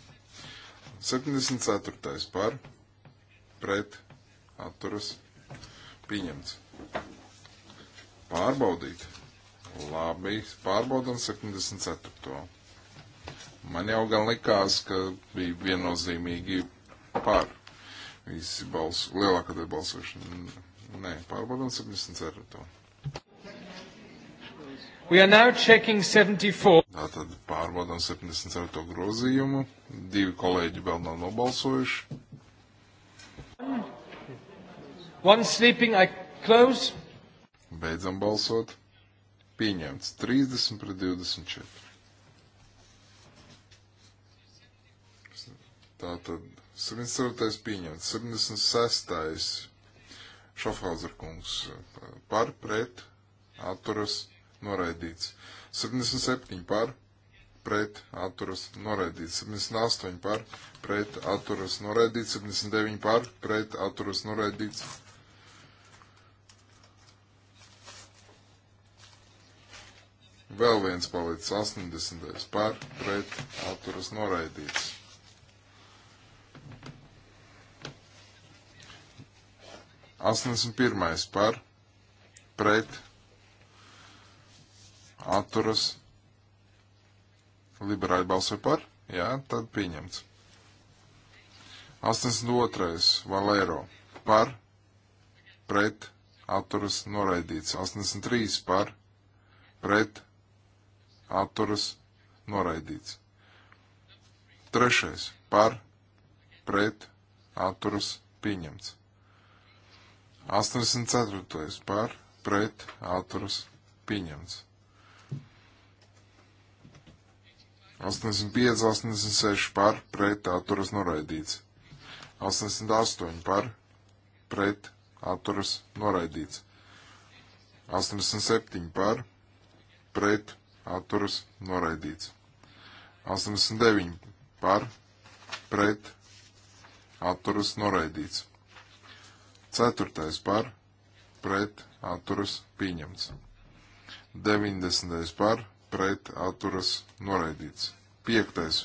74. par. Pret. Atturas. Pieņemts. Pārbaudīt. Labi, pārbaudam 74. Man jau gan likās, ka bija viennozīmīgi pār. Visi balsu, lielākā daļa balsošana. Nē, pārbaudam 74. We are now checking 74. Tātad pārbaudām 74. grozījumu. Divi kolēģi vēl nav nobalsojuši. One sleeping, I close. Beidzam balsot. Pieņemts 30 pret 24. Tātad 74. pieņemts, 76. Šofhauser kungs par pret atturas noraidīts, 77 par pret atturas noraidīts, 78 par pret atturas noraidīts, 79 par pret atturas noraidīts. Vēl viens palicis 80. par pret atturas noraidīts. Asnesdesmit pirmais par pret atturas liberāļi balsoja par, jā, tad pieņemts. 82. Valero par pret atturas noraidīts. 83 par pret atturas noraidīts. Trešais par pret atturas pieņemts. 84. par pret atturas pieņemts. 85, 86 par pret atturas noraidīts. 88 par pret atturas noraidīts. 87 par pret atturas noraidīts. 89 par pret atturas noraidīts. 4. par pret atturas pieņemts. 90. par pret atturas noraidīts. 5.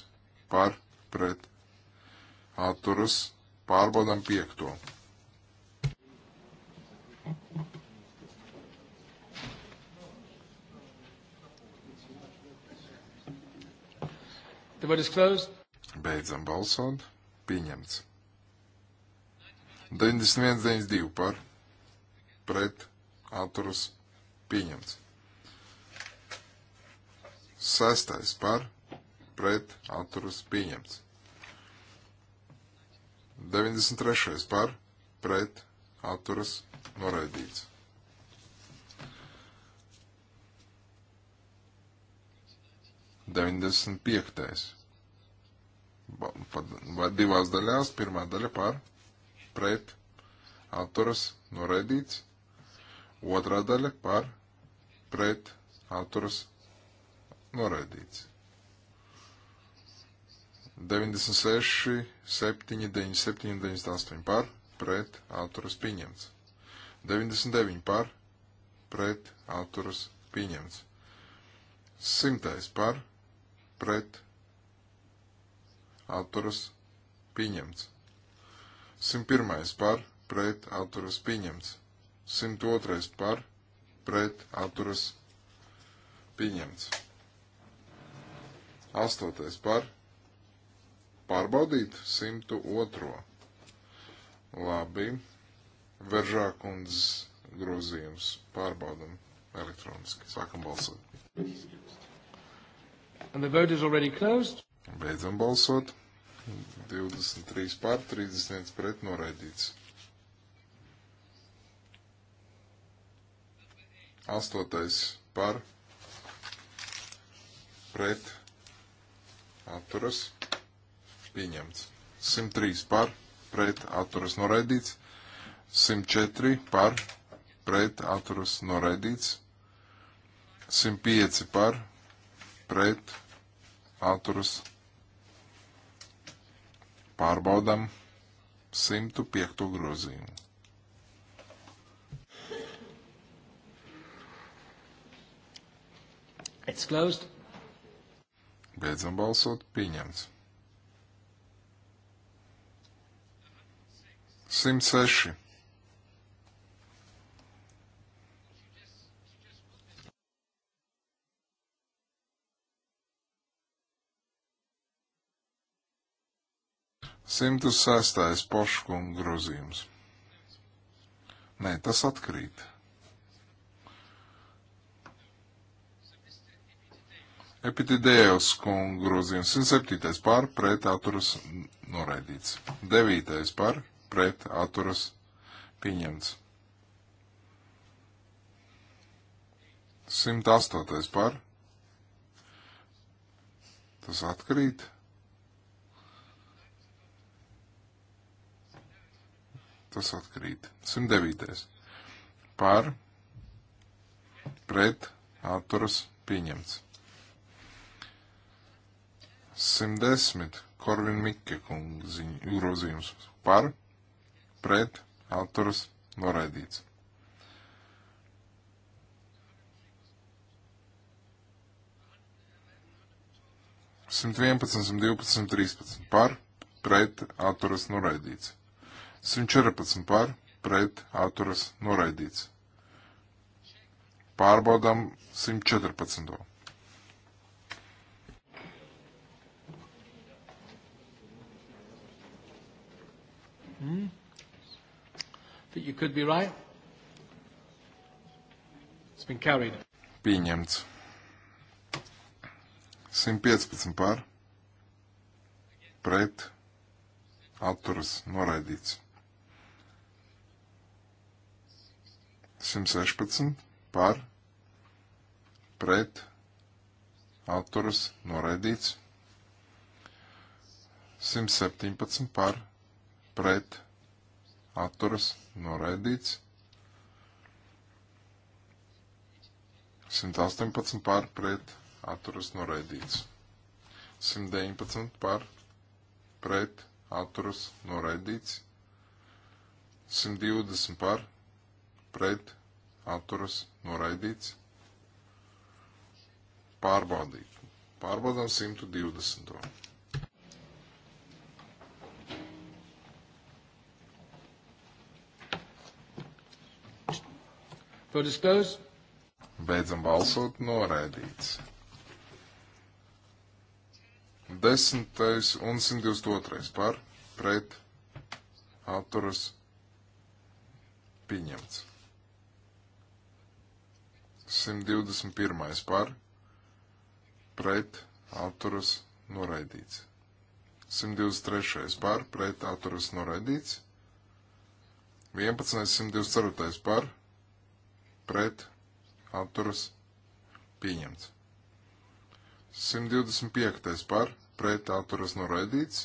par pret atturas pārbaudām 5. The vote is closed. Beidzam balsot. Pieņemts. 91, 92 par. Pret. Atturas. Pieņemts. Sestais par. Pret. Atturas. Pieņemts. 93. par. Pret. Atturas. Noraidīts. 95. Divās daļās, pirmā daļa par, pret, atturas, noraidīts, otrā daļa par, pret, atturas, noraidīts. 96, 7, 9, 7, 98 par, pret, atturas pieņemts. 99 par, pret, atturas pieņemts. 100 par, pret atturas pieņemts. 101. par pret atturas pieņemts. 102. par pret atturas pieņemts. 8. par pārbaudīt 102. Labi. Veržā kundzes grozījums pārbaudam elektroniski. Sākam balsot. Izjūst. And the vote is already closed. Beidzam balsot. 23 pār, 31 pret noraidīts. Astotais par, pret, atturas, pieņemts. 103 par, pret, atturas noraidīts. 104 par, pret, atturas noraidīts. 105 par, pret, atturas, pārbaudam 105. grozījumu. It's closed. Beidzam balsot, pieņemts. 106 106. poškunga grozījums. Nē, tas atkrīt. Epitidējos kunga grozījums 107. par pret atturas noraidīts. 9. par pret atturas pieņemts. 108. par tas atkrīt. tas atkrīt. 109. Par, pret, atturas, pieņemts. 110. Korvin Mikke kunga grozījums. Par, pret, atturas, noraidīts. Simt vienpadsmit, simt divpadsmit, trīspadsmit par, pret, atturas noraidīts. 114 par pret atturas noraidīts. Pārbaudām 114. Mm. Think you could be right. It's been carried. Pieņemts. 115 par pret atturas noraidīts. 116 par pret atturas noraidīts. 117 par pret atturas noraidīts. 118 par pret atturas noraidīts. 119 par pret atturas noraidīts. 120 par pret pret atturas noraidīts. Pārbaudīt. Pārbaudām 120. Beidzam balsot, noraidīts. 10. un 122. par pret atturas pieņemts. 121. par pret atturas noraidīts. 123. par pret atturas noraidīts. 11. 124. par pret atturas pieņemts. 125. par pret atturas noraidīts.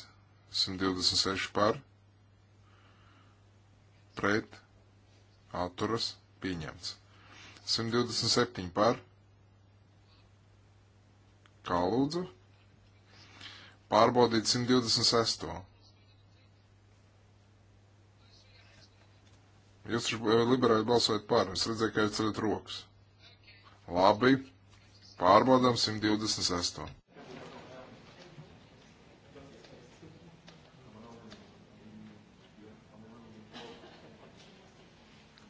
126 par pret atturas pieņemts. 127 par. Kā lūdzu? Pārbaudīt 126. Jūs eh, liberāļi balsojat par, es redzēju, ka jūs ceļat rokas. Labi, pārbaudām 126.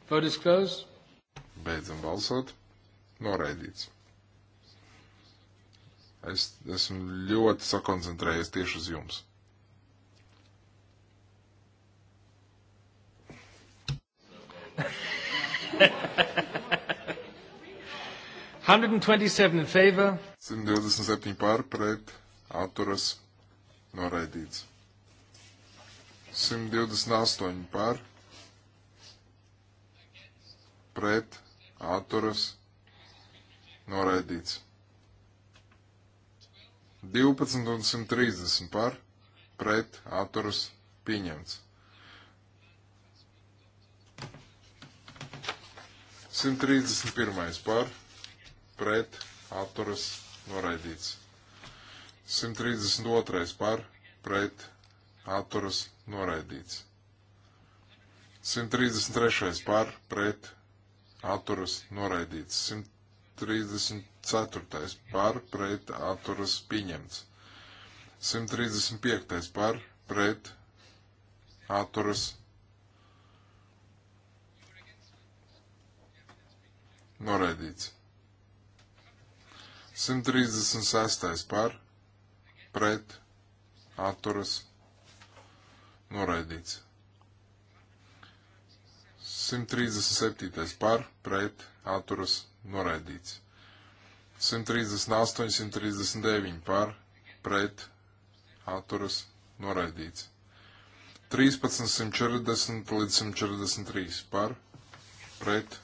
Vote is closed. Beidzam balsot. Noraidīts. Es esmu ļoti sakoncentrējies tieši uz jums. Hundred and twenty-seven in favor. 127 pār pret atturas noraidīts. 128 pār pret atturas noraidīts. 12 un 130 par pret atturas pieņemts. 131 par pret atturas noraidīts. 132 par pret atturas noraidīts. 133 par pret atturas noraidīts. 134. par pret atturas pieņemts. 135. par pret atturas noraidīts. 136. par pret atturas noraidīts. 137. par pret atturas noraidīts. 138, 139 par pret atturas noraidīts. 13, 140 līdz 143 par pret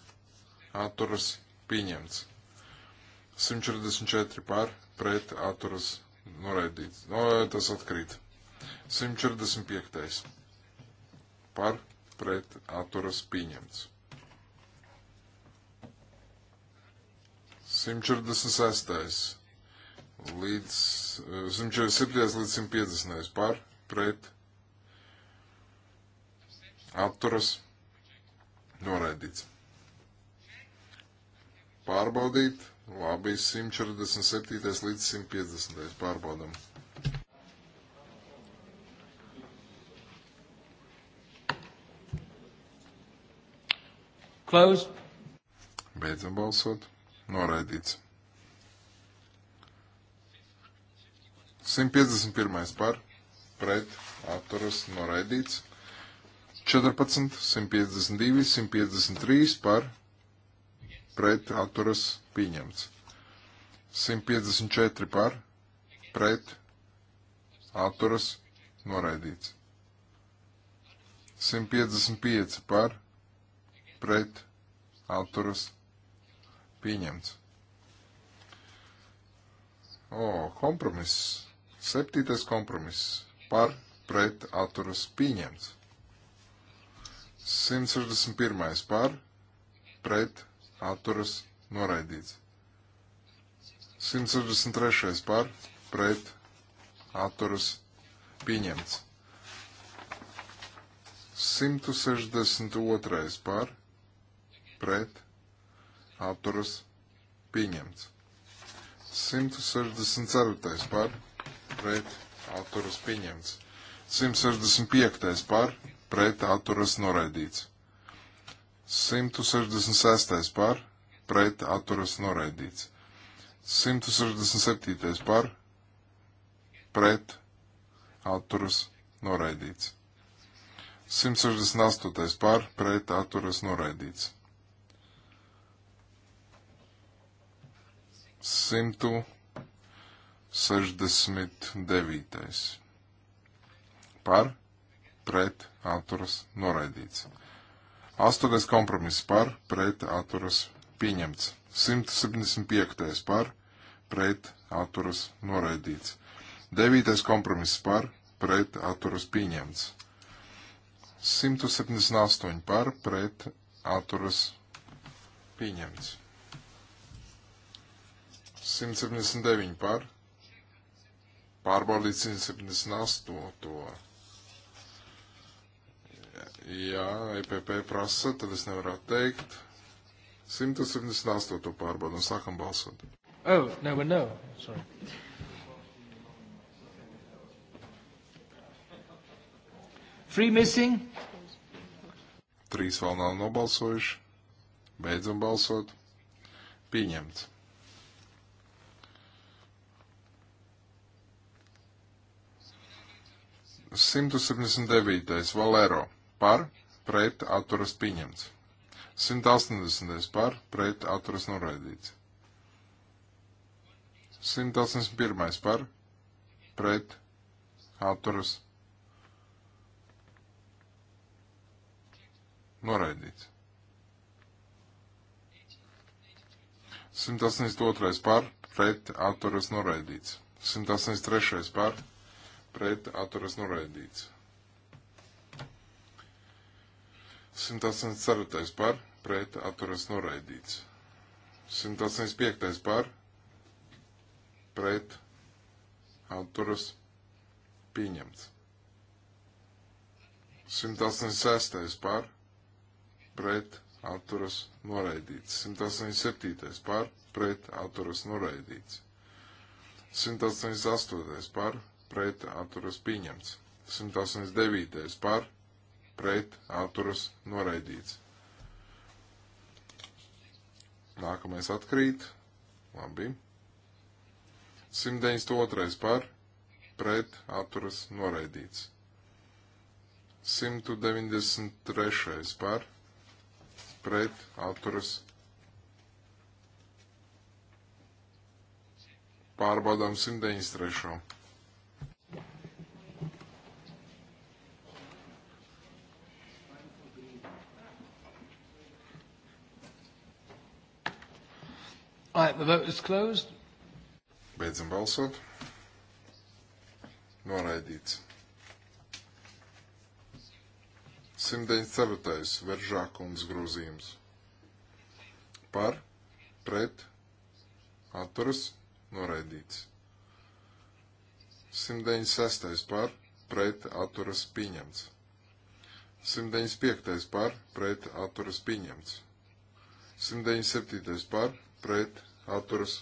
atturas pieņemts. 144 par pret atturas noraidīts. No, tas atkrīt. 145 par pret atturas pieņemts. 146. līdz 147. Eh, līdz 150. par pret atturas noraidīts. Pārbaudīt, labi, 147. līdz 150. pārbaudam. Closed. Beidzam balsot. Noraidīts. 151. par, pret, atturas, noraidīts. 14, 152, 153 par, pret, atturas, pieņemts. 154 par, pret, atturas, noraidīts. 155 par, pret atturas pieņemts. O, kompromiss. Septītais kompromiss par pret atturas pieņemts. 161. par pret atturas noraidīts. 163. par pret atturas pieņemts. 162. par pret atturas pieņemts. 164. par pret atturas pieņemts. 165. par pret atturas noraidīts. 166. par pret atturas noraidīts. 167. par pret atturas noraidīts. 168. par pret atturas noraidīts. 169. Par, pret, atturas, noraidīts. 8. kompromiss par, pret, atturas, pieņemts. 175. par, pret, atturas, noraidīts. 9. kompromiss par, pret, atturas, pieņemts. 178 par, pret, atturas, pieņemts. 179 par. Pārbaudīt 178. To. Jā, EPP prasa, tad es nevaru atteikt. 178. pārbaudam, sākam balsot. Oh, no, but no, sorry. Three missing. Trīs vēl nav nobalsojuši. Beidzam balsot. Pieņemts. 179. Valero par pret atturas pieņemts. 180. par pret atturas noraidīts. 181. par pret atturas noraidīts. 182. par pret atturas noraidīts. 183. par pret atturas noraidīts. 184. par pret atturas noraidīts. 185. par pret atturas pieņemts. 186. par pret atturas noraidīts. 187. par pret atturas noraidīts. 188. par pret atturas pieņemts. 189. par pret atturas noraidīts. Nākamais atkrīt. Labi. 192. par pret atturas noraidīts. 193. par pret atturas pārbaudām 193. Right, the vote is closed. Beidzam balsot. Noraidīts. 194. veržākums grozījums. Par, pret, atturas, noraidīts. 196. par, pret, atturas, pieņemts. 195. par, pret, atturas, pieņemts. 197. par, pret atturas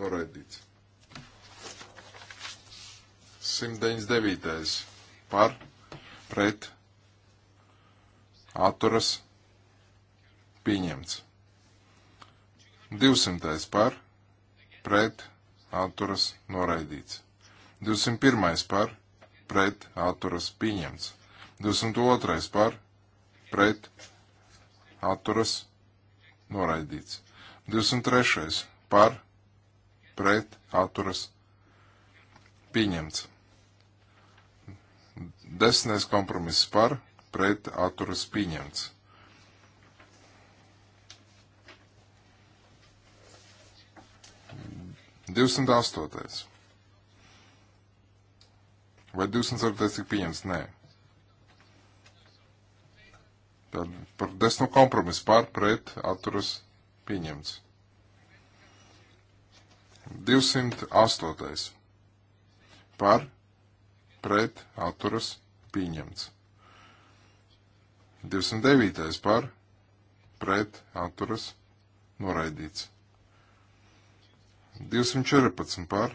noraidīts. 199. par pret atturas pieņemts. 200. par pret atturas noraidīts. 201. par pret atturas pieņemts. 202. par pret atturas noraidīts. 203. par pret atturas pieņemts. Desmitais kompromiss par pret atturas pieņemts. 208. Vai 204. tika pieņemts? Nē. Tad par desmit kompromisu pār pret atturas Pieņemts. 208. Par, pret, atturas, pieņemts. 209. Par, pret, atturas, noraidīts. 214. Par,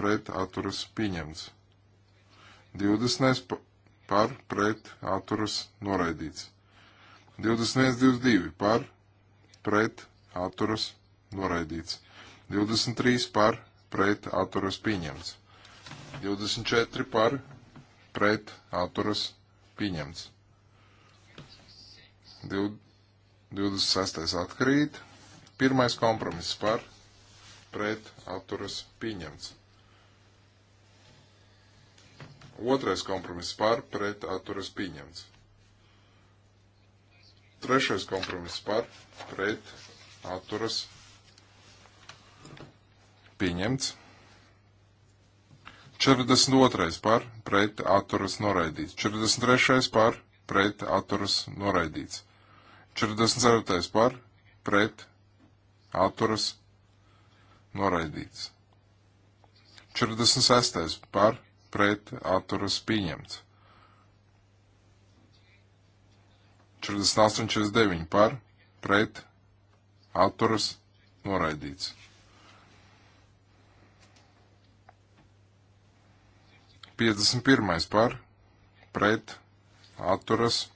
pret, atturas, pieņemts. 20. Par, pret, atturas, noraidīts. 21, 22. Par, pret, atturas noraidīts. 23 par pret atturas pieņemts. 24 par pret atturas pieņemts. 26 atkrīt. Pirmais kompromiss par pret atturas pieņemts. Otrais kompromiss par pret atturas pieņemts. Trešais kompromiss par pret atturas pieņemts. 42. par pret atturas noraidīts. 43. par pret atturas noraidīts. 44. par pret atturas noraidīts. 46. par pret atturas pieņemts. 48. 49. par pret atturas noraidīts. 51. par pret atturas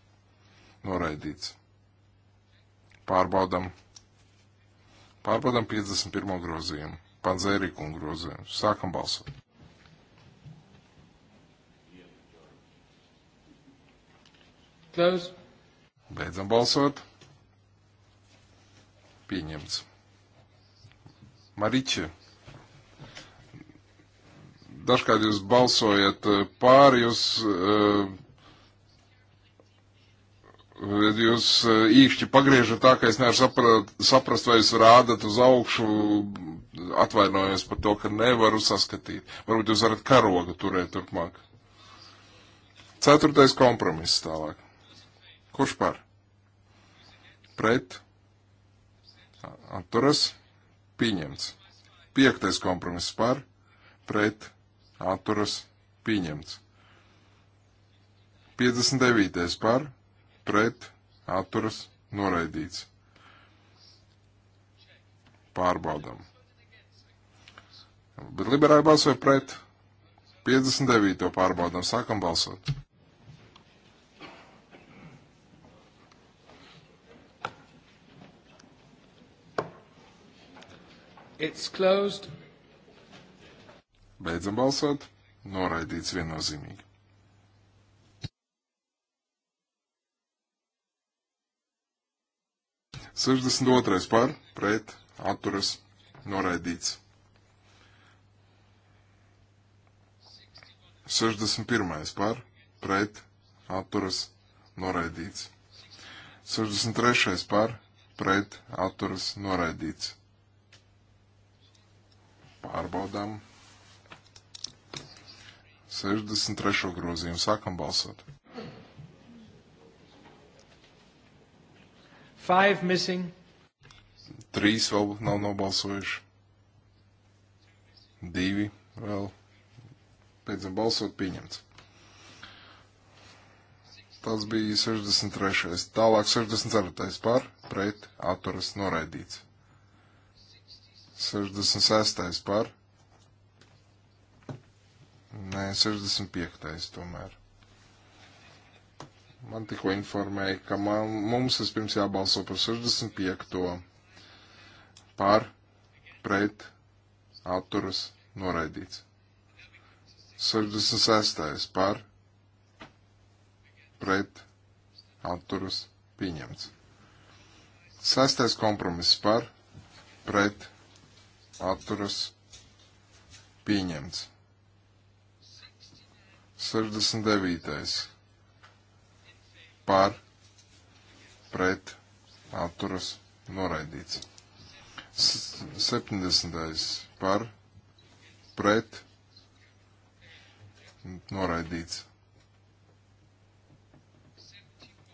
noraidīts. Pārbaudam. Pārbaudam 51. grozījumu. Panzērīku un grozījumu. Sākam balsot. Close. Beidzam balsot. Pieņemts. Mariķi. Dažkārt jūs balsojat eh, pāri, jūs, eh, eh, jūs īkšķi pagriežat tā, ka es nevaru saprat, saprast, vai jūs rādat uz augšu, atvainojos par to, ka nevaru saskatīt. Varbūt jūs varat karogu turēt turpmāk. Ceturtais kompromiss tālāk. Kurš par? Pret? atturas pieņemts. Piektais kompromiss par pret atturas pieņemts. 59. par pret atturas noraidīts. Pārbaudam. Bet liberāli balsoja pret 59. pārbaudam. Sākam balsot. It's closed. Beidzam balsot. Noraidīts viennozīmīgi. Sešdesmit otrais par, pret, atturas, noraidīts. Sešdesmit pirmais par, pret, atturas, noraidīts. Sešdesmit trešais par, pret, atturas, noraidīts. Pārbaudām. 63. grozījumu sākam balsot. Five missing. Trīs vēl nav nobalsojuši. Divi vēl. Pēc tam balsot pieņemts. Tas bija 63. Tālāk 64. par, pret, atturas noraidīts. 66. par. Nē, 65. tomēr. Man tikko informēja, ka man, mums vispirms jābalso par 65. par, pret, atturas, noraidīts. 66. par, pret, atturas, pieņemts. Sestais kompromiss par, pret, atturas pieņemts. 69. par pret atturas noraidīts. 70. par pret noraidīts.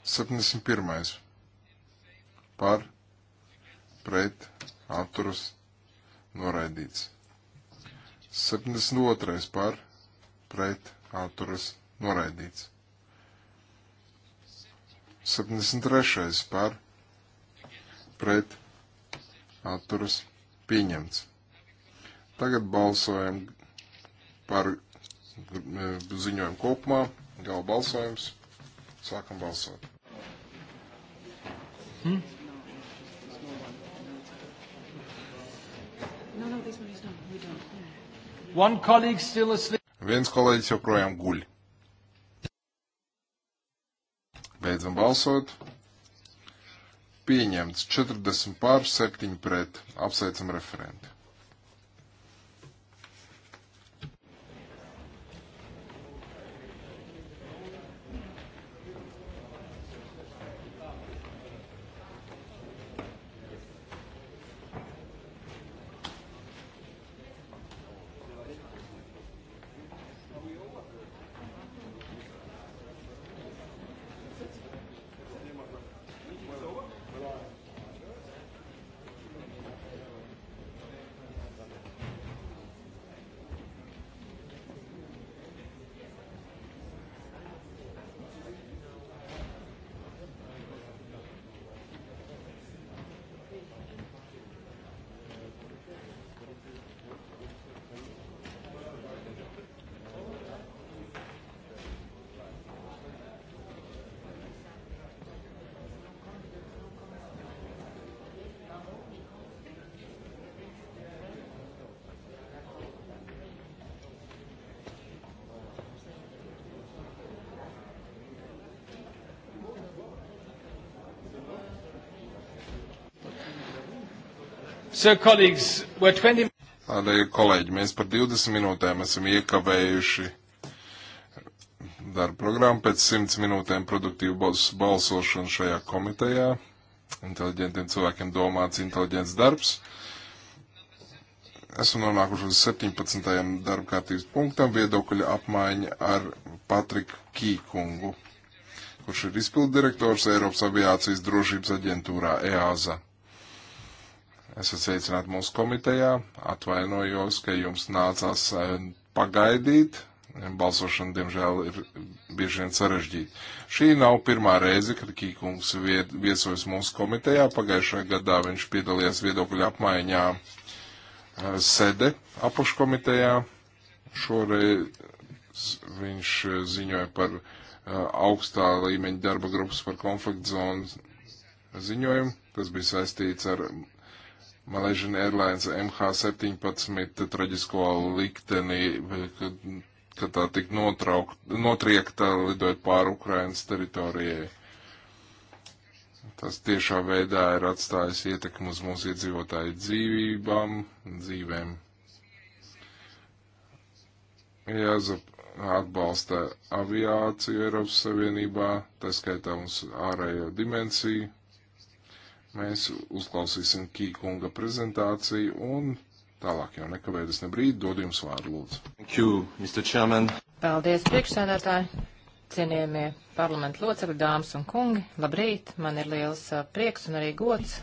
71. par pret atturas noraidīts noraidīts. 72. par pret atturas noraidīts. 73. par pret atturas pieņemts. Tagad balsojam par e, ziņojumu kopumā. Gala balsojums. Sākam balsot. Hmm? No, no, this one is done. We don't. Yeah. One colleague still asleep. Viens kolēģis joprojām guļ. Beidzam balsot. Pieņemts 40 pār 7 pret. Apsveicam referenti. So, colleagues, we're 20... Tādēļ, kolēģi, mēs par 20 minūtēm esam iekavējuši darba programmu pēc 100 minūtēm produktīvu bals balsošanu šajā komitejā. Inteliģentiem cilvēkiem domāts inteliģents darbs. Esmu nonākuši uz 17. darba kārtības punktam viedokļa apmaiņa ar Patriku Kīkungu, kurš ir izpildu direktors Eiropas aviācijas drošības aģentūrā EASA. Esat sveicināti mūsu komitejā. Atvainojos, ka jums nācās eh, pagaidīt. Balsošana, diemžēl, ir bieži vien sarežģīta. Šī nav pirmā reize, kad Kīkungs viesojas mūsu komitejā. Pagājušajā gadā viņš piedalījās viedokļu apmaiņā eh, sede apakškomitejā. Šoreiz viņš eh, ziņoja par augstā līmeņa darba grupas par konfliktu zonu ziņojumu. Tas bija saistīts ar Malaysian Airlines MH17 traģisko likteni, kad, kad tā tik notraukt, notriekta lidojot pāri Ukrainas teritorijai. Tas tiešā veidā ir atstājis ietekmi uz mūsu iedzīvotāju dzīvībām, dzīvēm. Jāzap atbalsta aviāciju Eiropas Savienībā, tā skaitā mums ārējo dimensiju, Mēs uzklausīsim Kīkunga prezentāciju un tālāk jau nekavēdas ne brīdi dod jums vārdu lūdzu. Thank you, Mr. Chairman. Paldies, priekšsēdētāji, cienījamie parlamentu locekļi, dāmas un kungi. Labrīt, man ir liels prieks un arī gods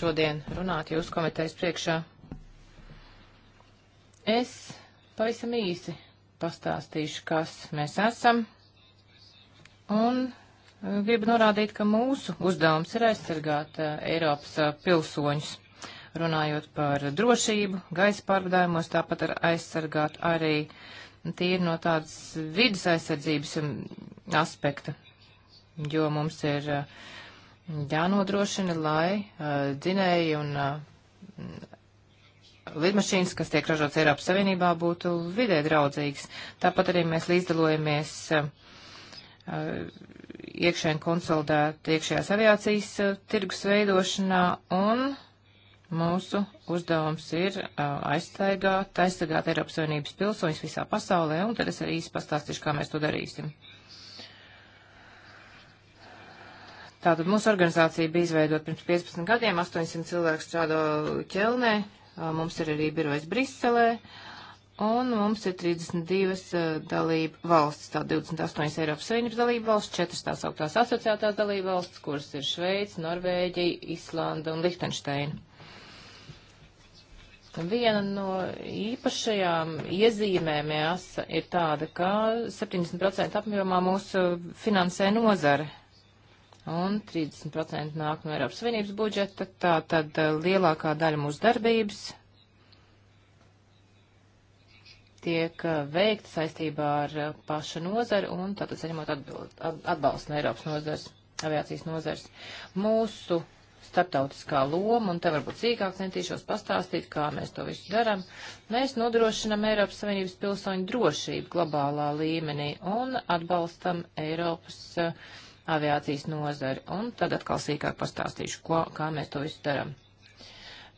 šodien runāt jūsu komitejas priekšā. Es pavisam īsi pastāstīšu, kas mēs esam un Eh, gribu norādīt, ka mūsu uzdevums ir aizsargāt uh, Eiropas uh, pilsoņus, runājot par drošību, gaisa pārvadājumos, tāpat ar aizsargāt arī tīri no tādas vidas aizsardzības aspekta, jo mums ir uh, jānodrošina, lai dzinēji un lidmašīnas, kas tiek ražotas Eiropas Savienībā, būtu vidē draudzīgas. Tāpat arī mēs līdzdalojamies uh, Uh, iekšēni konsolidēt iekšējās aviācijas uh, tirgus veidošanā un mūsu uzdevums ir uh, aizstaigāt, aizstaigāt Eiropas Savienības pilsoņus visā pasaulē, un tad es arī īsti pastāstīšu, kā mēs to darīsim. Tātad mūsu organizācija bija izveidota pirms 15 gadiem, 800 cilvēku strādā ķelnē, mums ir arī birojas Briselē, uh, Un mums ir 32 uh, eh, dalība valsts, tā 28 Eiropas Savienības dalība valsts, 4 tās augtās asociētās dalība valsts, kuras ir Šveic, Norvēģija, Islanda un Lihtenšteina. Viena no īpašajām iezīmēm jāsa ir tāda, ka 70% apjomā mūsu finansē nozare un 30% nāk no Eiropas Savienības budžeta, tā tad eh, lielākā daļa mūsu darbības tiek eh, veikta saistībā ar eh, pašu nozaru un tātad saņemot atbalstu no Eiropas nozars, aviācijas nozars. Mūsu starptautiskā loma, un te varbūt sīkāk centīšos pastāstīt, kā mēs to visu darām. Mēs nodrošinam Eiropas Savienības pilsoņu drošību globālā līmenī un atbalstam Eiropas uh, aviācijas nozari, un tad atkal sīkāk pastāstīšu, ko, kā mēs to visu darām.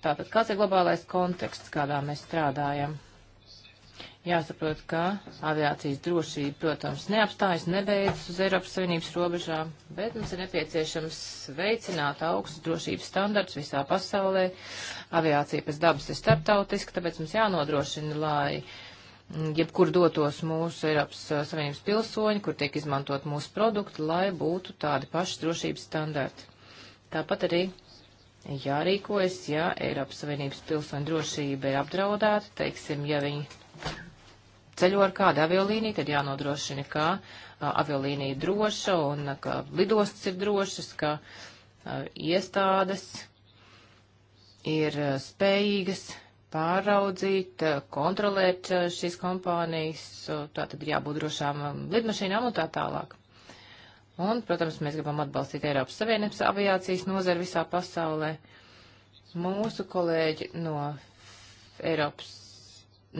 Tātad, kāds ir globālais konteksts, kādā mēs strādājam? Jāsaprot, ka aviācijas drošība, protams, neapstājas, nebeidzas uz Eiropas Savienības robežām, bet mums ir nepieciešams veicināt augstus drošības standarts visā pasaulē. Aviācija pēc dabas ir starptautiska, tāpēc mums jānodrošina, lai mm, jebkur dotos mūsu Eiropas Savienības pilsoņi, kur tiek izmantot mūsu produktu, lai būtu tādi paši drošības standarti. Tāpat arī jārīkojas, ja Eiropas Savienības pilsoņu drošība ir apdraudēta, teiksim, ja viņi ceļo ar kādu aviolīniju, tad jānodrošina, ka aviolīnija ir droša un ka lidostas ir drošas, ka iestādes ir spējīgas pāraudzīt, kontrolēt šīs kompānijas, tā tad ir jābūt drošām lidmašīnām un tā tālāk. Un, protams, mēs gribam atbalstīt Eiropas Savienības aviācijas nozari visā pasaulē. Mūsu kolēģi no Eiropas,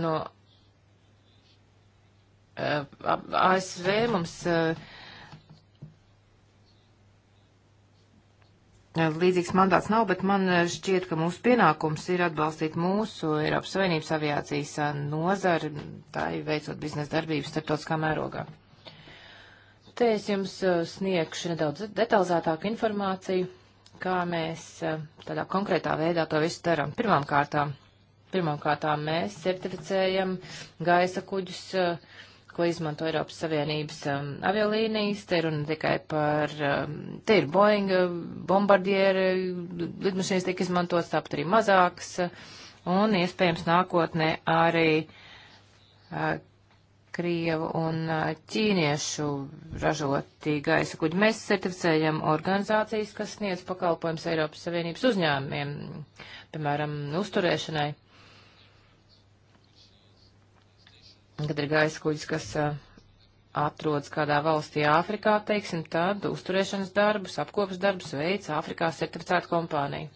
no Uh, ASV mums uh, līdzīgs mandāts nav, bet man uh, šķiet, ka mūsu pienākums ir atbalstīt mūsu Eiropas Savienības aviācijas nozari, tā ir veicot biznesa darbības starptautiskā mērogā. Te es jums sniegšu nedaudz detalizētāku informāciju, kā mēs tādā konkrētā veidā to visu darām. Pirmām kārtām, pirmām kārtām mēs certificējam gaisa kuģus uh, ko izmanto Eiropas Savienības um, aviolīnijas. Te runa tikai par, um, te ir Boeing, um, bombardieri, lidmašīnas tiek izmantotas, tāpat arī mazāks, un iespējams nākotnē arī uh, Krievu un uh, ķīniešu ražotī gaisa kuģi. Mēs certificējam organizācijas, kas sniedz pakalpojums Eiropas Savienības uzņēmumiem, piemēram, uzturēšanai. kad ir gaisa kuģis, kas eh, atrodas kādā valstī Āfrikā, teiksim, tad uzturēšanas darbus, apkopas darbus veids Āfrikā certificēta kompānija.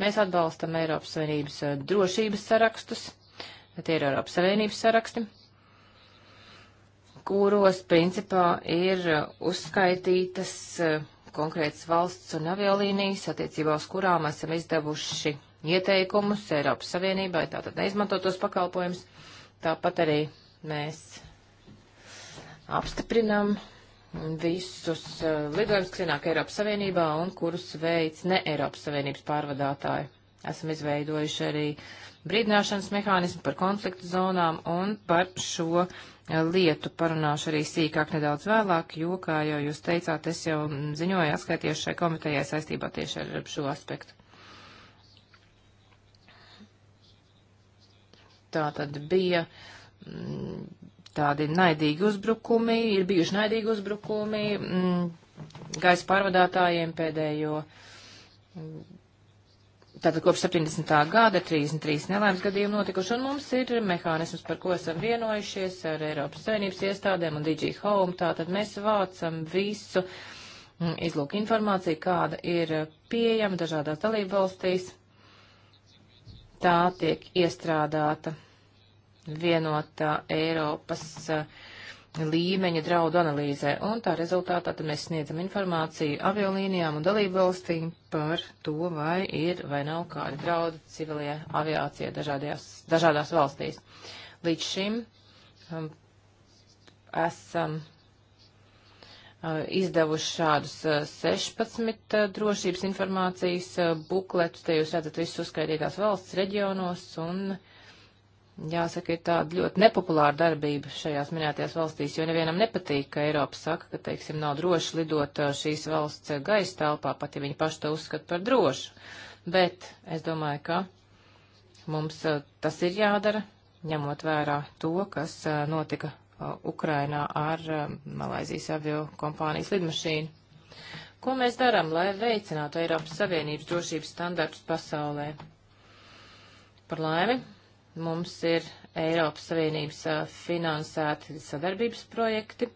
Mēs atbalstam Eiropas Savienības eh, drošības sarakstus, tie ir Eiropas Savienības saraksti, kuros principā ir eh, uzskaitītas konkrētas valsts un aviolīnijas, attiecībā uz kurām esam izdevuši ieteikumus Eiropas Savienībai, tātad neizmantotos pakalpojumus. Tāpat arī mēs apstiprinam visus eh, lidojumus, kas ienāk Eiropas Savienībā un kurus veids ne Eiropas Savienības pārvadātāji. Esam izveidojuši arī brīdināšanas mehānismu par konfliktu zonām un par šo eh, lietu parunāšu arī sīkāk nedaudz vēlāk, jo, kā jau jūs teicāt, es jau ziņoju atskaitījuši šai komitejai saistībā tieši ar šo aspektu. Tā tad bija uh, Mm, tādi naidīgi uzbrukumi, ir bijuši naidīgi uzbrukumi mm, gaisa pārvadātājiem pēdējo. Mm, tātad kopš 70. gada 33 nelaimes gadījumu notikuši, un mums ir mehānisms, par ko esam vienojušies ar Eiropas saimnības iestādēm un DG Home. Tātad mēs vācam visu mm, izlūku informāciju, kāda ir pieejama dažādās dalību valstīs. Tā tiek iestrādāta vienotā Eiropas eh, līmeņa draudu analīzē, un tā rezultātā tad mēs sniedzam informāciju aviolīnijām un dalību valstīm par to, vai ir vai nav kādi draudi civilie aviācija dažādās, dažādās valstīs. Līdz šim um, esam eh, izdevuši šādus 16 eh, drošības informācijas bukletus, te jūs redzat visus uzskaitītās valsts reģionos un uh, jāsaka, ir tāda ļoti nepopulāra darbība šajās minētajās valstīs, jo nevienam nepatīk, ka Eiropa saka, ka, teiksim, nav droši lidot uh, šīs valsts uh, gaisa telpā, pat ja viņi paši to uzskata par drošu. Bet es domāju, ka mums uh, tas ir jādara, ņemot vērā to, kas notika Ukrainā ar Malaizijas avio kompānijas lidmašīnu. Ko mēs darām, lai veicinātu Eiropas Savienības drošības standartus pasaulē? Par laimi, mums ir Eiropas Savienības finansēti sadarbības projekti,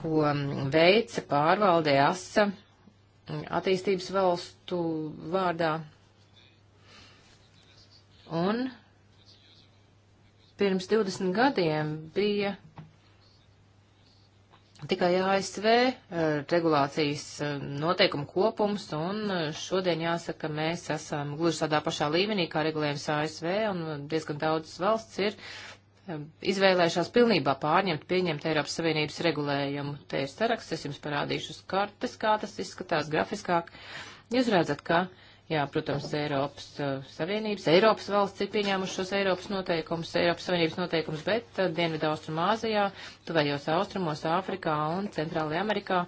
ko veica pārvaldē ASA attīstības valstu vārdā. Un pirms 20 gadiem bija Tikai ASV eh, regulācijas eh, noteikumu kopums, un eh, šodien jāsaka, ka mēs esam gluži tādā pašā līmenī kā regulējums ASV, un diezgan daudzas valsts ir izvēlējušās pilnībā pārņemt, pieņemt Eiropas Savienības regulējumu. Te ir saraksts, es jums parādīšu uz kartes, kā tas izskatās grafiskāk. Jūs redzat, ka uh, Jā, protams, Eiropas uh, Savienības, Eiropas valsts ir pieņēmuši šos Eiropas noteikumus, Eiropas Savienības noteikumus, bet uh, Dienvidaustrumā Āzijā, tuvējos austrumos, Āfrikā un Centrālajā Amerikā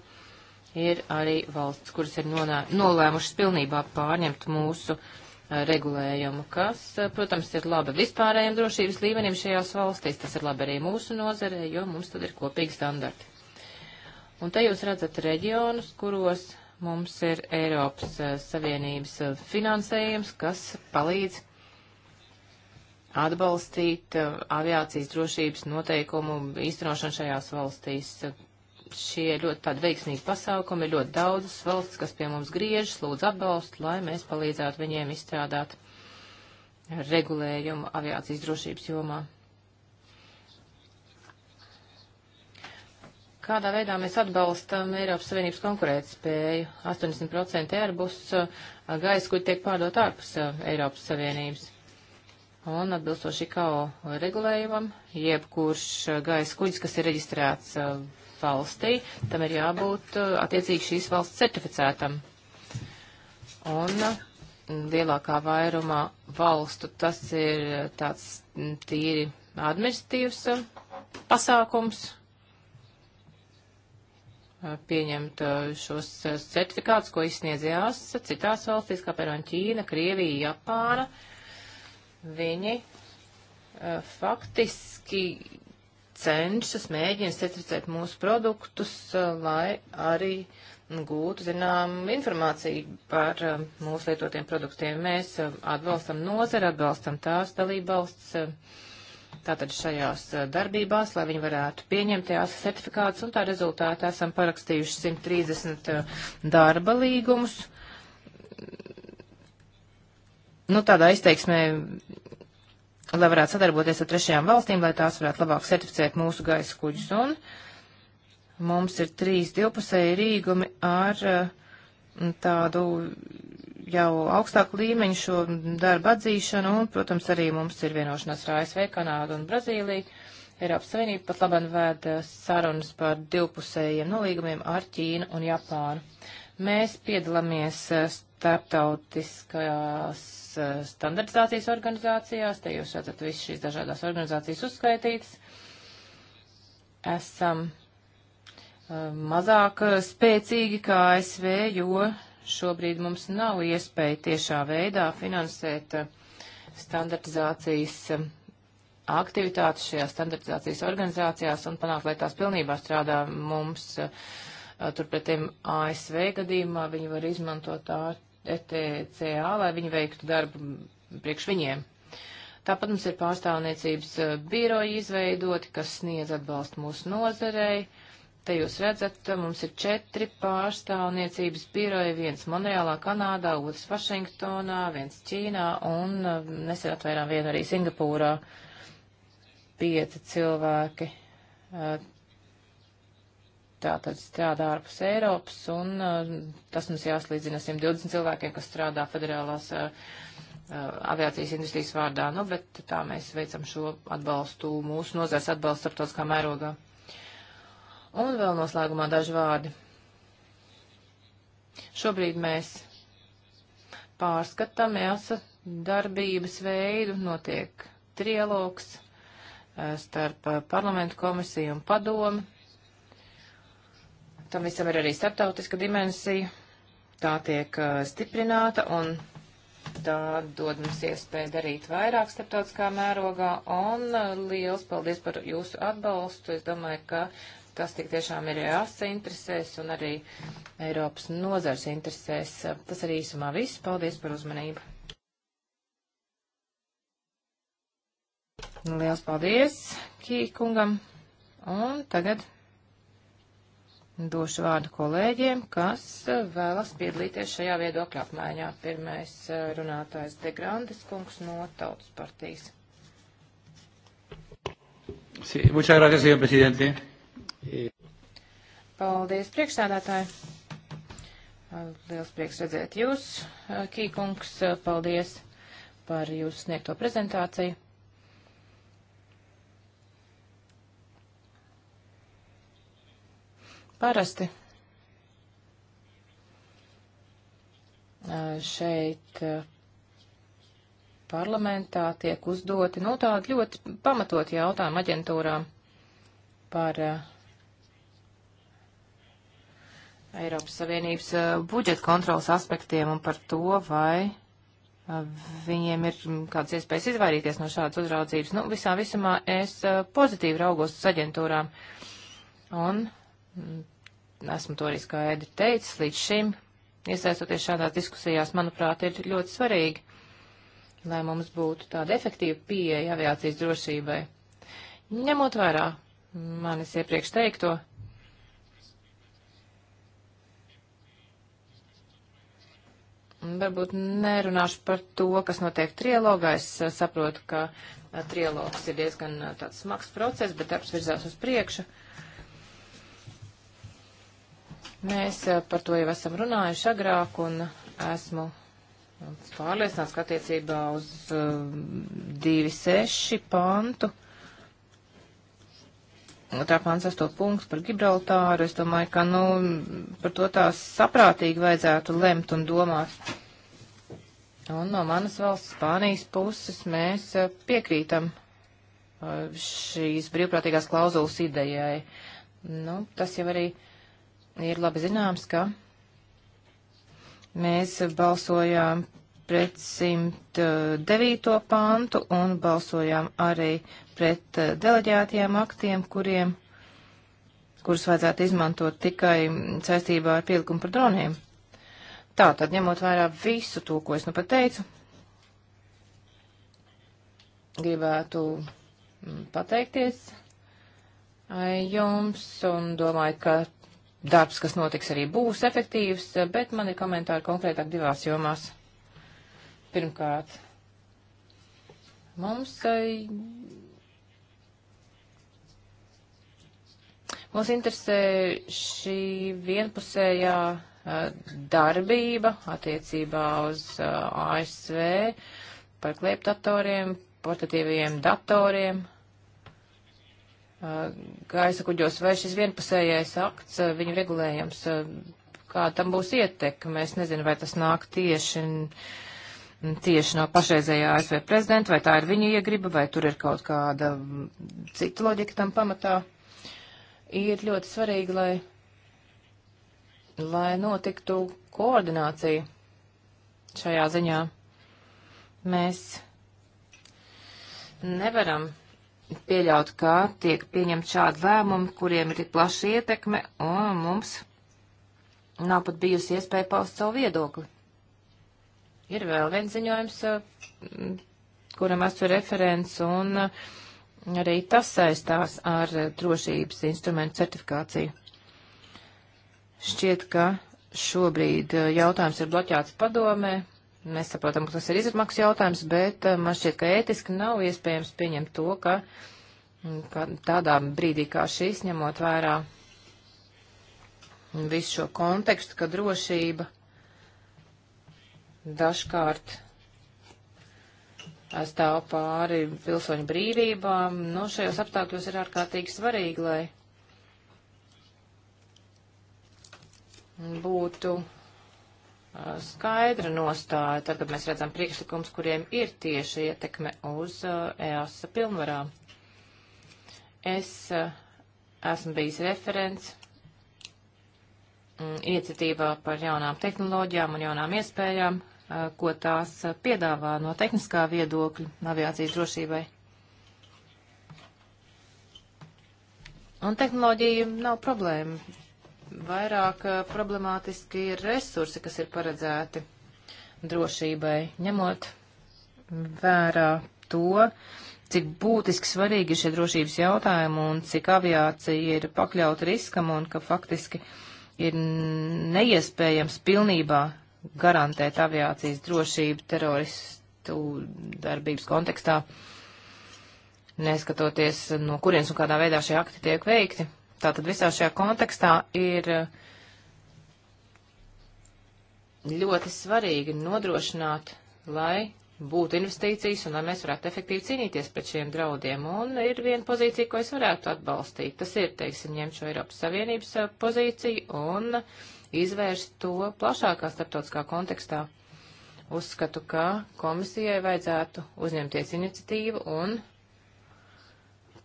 ir arī valsts, kuras ir nonā, nolēmušas pilnībā pārņemt mūsu uh, regulējumu, kas, uh, protams, ir labi vispārējiem drošības līmenim šajās valstīs, tas ir labi arī mūsu nozarē, jo mums tad ir kopīgi standarti. Un te jūs redzat reģionus, kuros mums ir Eiropas eh, Savienības eh, finansējums, kas palīdz atbalstīt eh, aviācijas drošības noteikumu īstenošanu šajās valstīs. Šie ļoti tādi veiksmīgi pasākumi ir ļoti daudzas valsts, kas pie mums griežas, lūdz atbalstu, lai mēs palīdzētu viņiem izstrādāt regulējumu aviācijas drošības jomā. kādā veidā mēs atbalstam Eiropas Savienības konkurētspēju. 80% Airbus gaisa, kur tiek pārdot ārpus Eiropas Savienības. Un atbilstoši KO regulējumam, jebkurš gaisa kuģis, kas ir reģistrēts valstī, tam ir jābūt attiecīgi šīs valsts certificētam. Un lielākā vairumā valstu tas ir tāds tīri administratīvs pasākums, Eh, pieņemt eh, šos eh, certifikātus, ko izsniedz jāsas citās valstīs, kā piemēram Ķīna, Krievija, Japāna. Viņi faktiski cenšas, mēģina certificēt mūsu produktus, lai arī gūtu, zinām, informāciju par mūsu lietotiem produktiem. Mēs atbalstam nozari, atbalstam tās dalībvalsts tātad šajās eh, darbībās, lai viņi varētu pieņemt tās certifikātus, un tā rezultātā esam parakstījuši 130 eh, darba līgumus. Nu, tādā izteiksmē, lai varētu sadarboties ar trešajām valstīm, lai tās varētu labāk certificēt mūsu gaisa kuģus. Un mums ir trīs divpusēji rīgumi ar eh, tādu jau augstāku līmeņu šo darbu atzīšanu, un, protams, arī mums ir vienošanās ar ASV, Kanādu un Brazīliju. Eiropas Savienība pat labam vēda eh, sarunas par divpusējiem nolīgumiem ar Ķīnu un Japānu. Mēs piedalāmies eh, starptautiskajās eh, standartizācijas organizācijās, te jūs redzat visas šīs dažādās organizācijas uzskaitītas. Esam mazāk spēcīgi kā ASV, jo Šobrīd mums nav iespēja tiešā veidā finansēt eh, standartizācijas eh, aktivitātes šajā standartizācijas organizācijās un panākt, lai tās pilnībā strādā mums. Eh, Turpretim ASV gadījumā viņi var izmantot ETCA, lai viņi veiktu darbu priekš viņiem. Tāpat mums ir pārstāvniecības biroji izveidoti, kas sniedz atbalstu mūsu nozarei. Te jūs redzat, mums ir četri pārstāvniecības biroji, viens Monreālā, Kanādā, otrs Vašingtonā, viens Ķīnā un nesen um, atvērām vienu arī Singapūrā. Pieci cilvēki uh, tātad strādā ārpus Eiropas un uh, tas mums jāslīdzina 120 cilvēkiem, kas strādā federālās uh, aviācijas industrijas vārdā. Nu, bet tā mēs veicam šo atbalstu, mūsu nozars atbalstu starptautiskā mērogā. Un vēl noslēgumā daži vārdi. Šobrīd mēs pārskatām EASA darbības veidu, notiek trialogs eh, starp eh, parlamentu komisiju un padomu. Tam visam ir arī starptautiska dimensija. Tā tiek eh, stiprināta un tā dod mums iespēju darīt vairāk starptautiskā mērogā. Un liels paldies par jūsu atbalstu. Es domāju, ka tas tik tiešām ir EASA interesēs un arī Eiropas nozars interesēs. Tas arī īsumā viss. Paldies par uzmanību. Liels paldies Kīkungam. Un tagad došu vārdu kolēģiem, kas vēlas piedalīties šajā viedokļa apmaiņā. Pirmais eh, runātājs Degrandes kungs no Tautas partijas. Sí, muchas gracias, señor presidente. Paldies, priekšsādātāji! Liels prieks redzēt jūs, Kīkungs. Paldies par jūsu sniegto prezentāciju. Parasti šeit eh, parlamentā tiek uzdoti nu, tādi ļoti pamatot jautājumi aģentūrām par uh, Eiropas Savienības eh, budžeta kontrolas aspektiem un par to, vai eh, viņiem ir mm, kādas iespējas izvairīties no šādas uzraudzības. Nu, visā visumā es eh, pozitīvi raugos uz aģentūrām un mm, esmu to arī skaidri teicis līdz šim. Iesaistoties šādās diskusijās, manuprāt, ir ļoti svarīgi, lai mums būtu tāda efektīva pieeja aviācijas drošībai. Ņemot vērā manis iepriekš teikto, Varbūt nerunāšu par to, kas notiek trilogā. Es eh, saprotu, ka eh, trilogs ir diezgan eh, tāds smags process, bet darbs virzās uz priekšu. Mēs par to jau esam runājuši agrāk un esmu pārliecināts, ka attiecībā uz 2.6 pantu. Uh, otrā pāns asto punkts par Gibraltāru. Es domāju, ka, nu, par to tā saprātīgi vajadzētu lemt un domāt. Un no manas valsts Spānijas puses mēs eh, piekrītam eh, šīs brīvprātīgās klauzulas idejai. Nu, tas jau arī ir labi zināms, ka mēs balsojām pret 109. Eh, pantu un balsojām arī pret eh, deleģētajiem aktiem, kuriem, kurus vajadzētu izmantot tikai saistībā ar pielikumu par droniem. Tā tad, ņemot vērā visu to, ko es nu pateicu, gribētu mm, pateikties eh, jums un domāju, ka darbs, kas notiks, arī būs efektīvs, eh, bet man ir komentāri konkrētāk divās jomās. Pirmkārt, mums Mums interesē šī vienpusējā darbība attiecībā uz ASV par kliepdatoriem, portatīviem datoriem, gaisa kuģos, vai šis vienpusējais akts, viņu regulējums, kā tam būs ietekme. Es nezinu, vai tas nāk tieši, tieši no pašreizējā ASV prezidenta, vai tā ir viņa iegriba, vai tur ir kaut kāda cita loģika tam pamatā ir ļoti svarīgi, lai, lai notiktu koordinācija šajā ziņā. Mēs nevaram pieļaut, ka tiek pieņemt šādi lēmumi, kuriem ir tik plaša ietekme, un mums nav pat bijusi iespēja paust savu viedokli. Ir vēl viens ziņojums, mm, kuram esmu referents, un Arī tas saistās ar eh, drošības instrumentu certifikāciju. Šķiet, ka šobrīd eh, jautājums ir bloķēts padomē. Mēs saprotam, ka tas ir izmaksas jautājums, bet eh, man šķiet, ka ētiski nav iespējams pieņemt to, ka, mm, ka tādā brīdī kā šis, ņemot vērā visu šo kontekstu, ka drošība dažkārt stāv pāri pilsoņu brīvībām. Nu, šajos apstākļos ir ārkārtīgi svarīgi, lai būtu skaidra nostāja, tad, kad mēs redzam priekšlikums, kuriem ir tieši ietekme uz EAS pilnvarām. Es esmu bijis referents iniciatīvā par jaunām tehnoloģijām un jaunām iespējām Uh, ko tās uh, piedāvā no tehniskā viedokļa aviācijas drošībai. Un tehnoloģija nav problēma. Vairāk uh, problemātiski ir resursi, kas ir paredzēti drošībai, ņemot vērā to, cik būtiski svarīgi ir šie drošības jautājumi un cik aviācija ir pakļauta riskam un ka faktiski ir neiespējams pilnībā garantēt aviācijas drošību teroristu darbības kontekstā, neskatoties no kurienes un kādā veidā šie akti tiek veikti. Tātad visā šajā kontekstā ir ļoti svarīgi nodrošināt, lai būtu investīcijas un lai mēs varētu efektīvi cīnīties pret šiem draudiem. Un ir viena pozīcija, ko es varētu atbalstīt. Tas ir, teiksim, ņemt šo Eiropas Savienības pozīciju un uh, izvērst to plašākā starptautiskā kontekstā. Uzskatu, ka komisijai vajadzētu uzņemties iniciatīvu un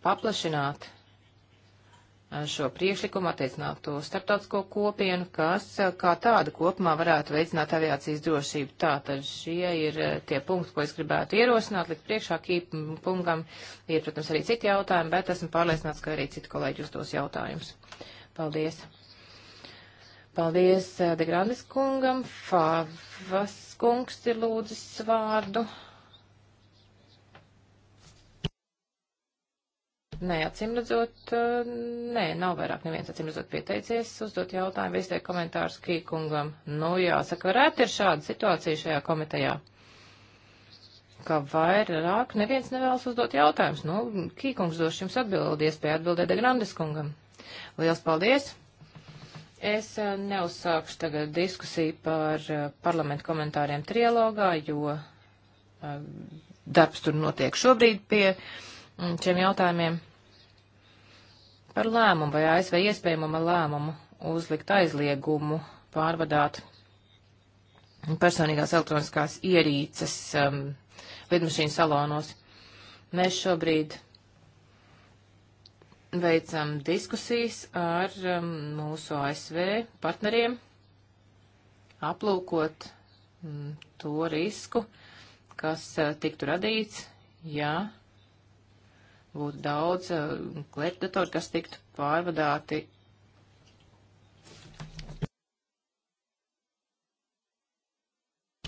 paplašināt uh, šo priekšlikumu attiecināt to starptautisko kopienu, kas uh, kā tāda kopumā varētu veicināt aviācijas drošību. Tātad šie ir uh, tie punkti, ko es gribētu ierosināt, likt priekšā kīpungam. Ir, protams, arī citi jautājumi, bet esmu pārliecināts, ka arī citi kolēģi uzdos jautājumus. Paldies! Paldies eh, Degrandis kungam. Fāvas kungs ir lūdzis vārdu. Nē, acimredzot, eh, nē, nav vairāk neviens acimredzot pieteicies uzdot jautājumu, vēstē komentārus Kīkungam. Nu, jāsaka, varētu ir šāda situācija šajā komitejā, ka vairāk neviens nevēlas uzdot jautājumus. Nu, Kīkungs došu jums atbildi, iespēja atbildēt Grandes kungam. Liels paldies! Es eh, neuzsākšu tagad diskusiju par eh, parlamentu komentāriem trialogā, jo eh, darbs tur notiek šobrīd pie mm, šiem jautājumiem par lēmumu vai ASV iespējamam lēmumu uzlikt aizliegumu pārvadāt personīgās elektroniskās ierīces um, lidmašīnu salonos. Mēs šobrīd veicam diskusijas ar um, mūsu ASV partneriem, aplūkot um, to risku, kas uh, tiktu radīts, ja būtu daudz uh, klēpdatoru, kas tiktu pārvadāti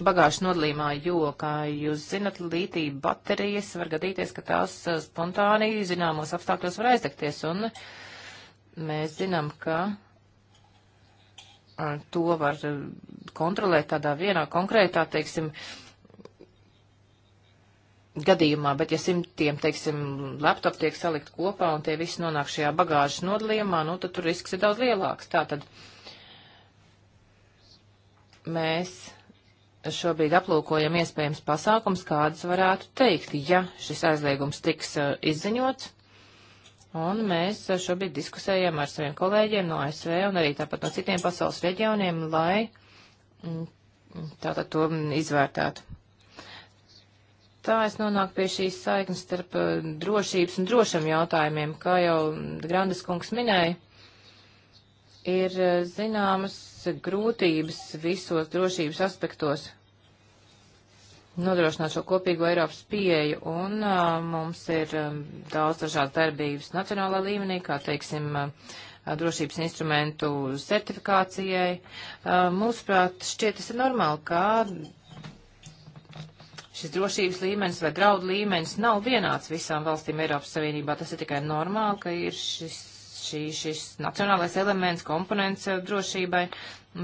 bagāžas nodalījumā, jo, kā jūs zinat, lītī baterijas var gadīties, ka tās uh, spontāni zināmos apstākļos var aizdegties, un mēs zinām, ka uh, to var uh, kontrolēt tādā vienā konkrētā, teiksim, gadījumā, bet ja simtiem, teiksim, laptop tiek salikt kopā un tie visi nonāk šajā bagāžas nodalījumā, nu tad tur risks ir daudz lielāks. Tātad mēs šobrīd aplūkojam iespējams pasākums, kādus varētu teikt, ja šis aizliegums tiks eh, izziņots. Un mēs eh, šobrīd diskusējam ar saviem kolēģiem no ASV un arī tāpat no citiem pasaules reģioniem, lai mm, tātad to izvērtētu. Tā es nonāku pie šīs saiknes starp eh, drošības un drošam jautājumiem, kā jau Grandes kungs minēja ir eh, zināmas grūtības visos drošības aspektos nodrošināt šo kopīgo Eiropas pieeju, un uh, mums ir um, daudz dažādas darbības nacionālā līmenī, kā teiksim, uh, drošības instrumentu certifikācijai. Uh, mūsuprāt, šķiet tas ir normāli, ka šis drošības līmenis vai draudu līmenis nav vienāds visām valstīm Eiropas Savienībā. Tas ir tikai normāli, ka ir šis šī, šis nacionālais elements, komponents eh, drošībai,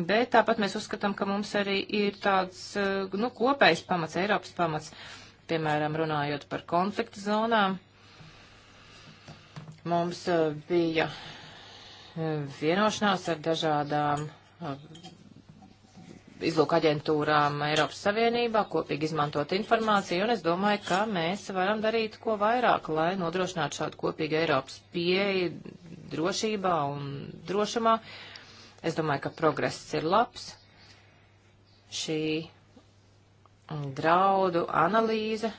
bet tāpat mēs uzskatām, ka mums arī ir tāds, eh, nu, kopējs pamats, Eiropas pamats, piemēram, runājot par konfliktu zonām. Mums eh, bija vienošanās ar dažādām izlūka aģentūrām Eiropas Savienībā, kopīgi izmantot informāciju, un es domāju, ka mēs varam darīt ko vairāk, lai nodrošinātu šādu kopīgu Eiropas pieeju drošībā un drošumā. Es domāju, ka progress ir labs. Šī draudu analīze,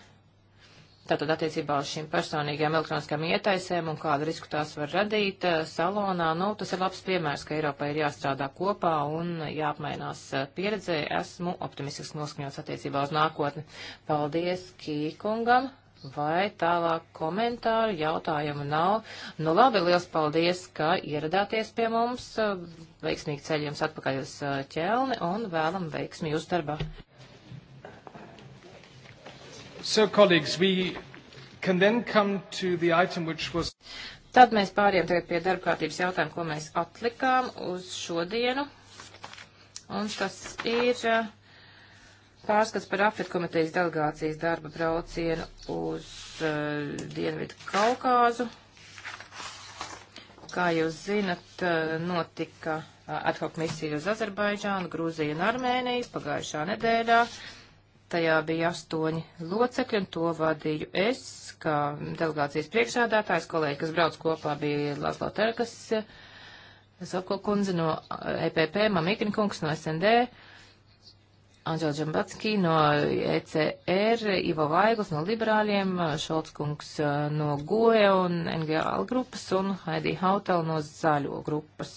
tātad attiecībā uz šīm personīgajām elektroniskām ietaisēm un kādu risku tās var radīt eh, salonā, nu, tas ir labs piemērs, ka Eiropai ir jāstrādā kopā un jāapmainās eh, pieredzē. Esmu optimistisks noskaņots attiecībā uz nākotni. Paldies Kīkungam! vai tālāk komentāru, jautājumu nav. Nu labi, liels paldies, ka ieradāties pie mums. Veiksmīgi ceļ jums atpakaļ uz uh, ķelni un vēlam veiksmi jūsu darbā. So, colleagues, we can then come to the item which was. Tad mēs pāriem tagad pie darba kārtības jautājumu, ko mēs atlikām uz šodienu. Un tas ir uh, Pārskats par Afrikas komitejas delegācijas darba braucienu uz uh, Dienvidu Kaukāzu. Kā jūs zinat, eh, notika eh, ad hoc misija uz Azerbaidžānu, Grūziju un Armēniju pagājušā nedēļā. Tajā bija astoņi locekļi, un to vadīju es, kā delegācijas priekšādātājs. Kolēģi, kas brauc kopā, bija Laslo Terkas, Zoko kundze no EPP, e Mamikina kungs no SND. Uh, Anģela Džambatski no ECR, Ivo Vaigls no liberāļiem, Šolckungs eh, no GOE un NGL grupas un Haidī Hautel no zaļo grupas.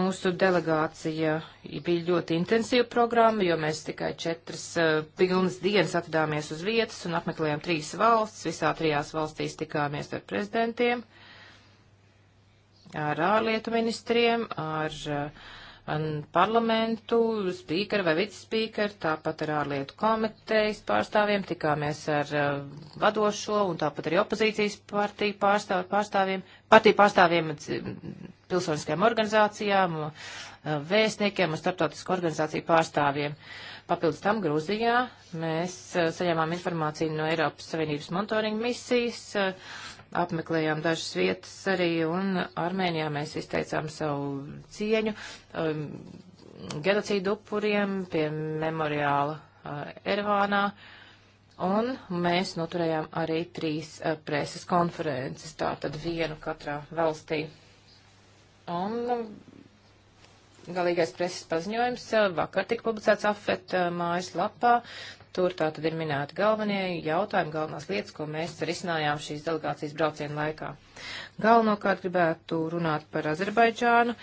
Mūsu delegācija bija ļoti intensīva programma, jo mēs tikai četras uh, pilnas dienas atvadāmies uz vietas un apmeklējām trīs valsts. Visā trijās valstīs tikāmies ar prezidentiem, ar ārlietu ministriem, ar uh, parlamentu, spīkeru vai vicespīkeru, tāpat ar ārlietu komitejas pārstāvjiem, tikāmies ar uh, vadošo un tāpat arī opozīcijas partiju pārstāv, pārstāvjiem, partiju pārstāvjiem, uh, pilsoniskajām organizācijām, uh, vēstniekiem un starptautisku organizāciju pārstāvjiem. Papildus tam Grūzijā mēs uh, saņēmām informāciju no Eiropas Savienības monitoringa misijas. Uh, apmeklējām dažas vietas arī, un Armēnijā mēs izteicām savu cieņu um, genocīdu upuriem pie memoriāla uh, Ervānā. Un mēs noturējām arī trīs uh, preses konferences, tātad vienu katrā valstī. Un um, galīgais preses paziņojums uh, vakar tika publicēts AFET uh, mājas lapā. Tur tā tad ir minēti galvenie jautājumi, galvenās lietas, ko mēs risinājām šīs delegācijas brauciena laikā. Galvenokārt gribētu runāt par Azerbaidžānu.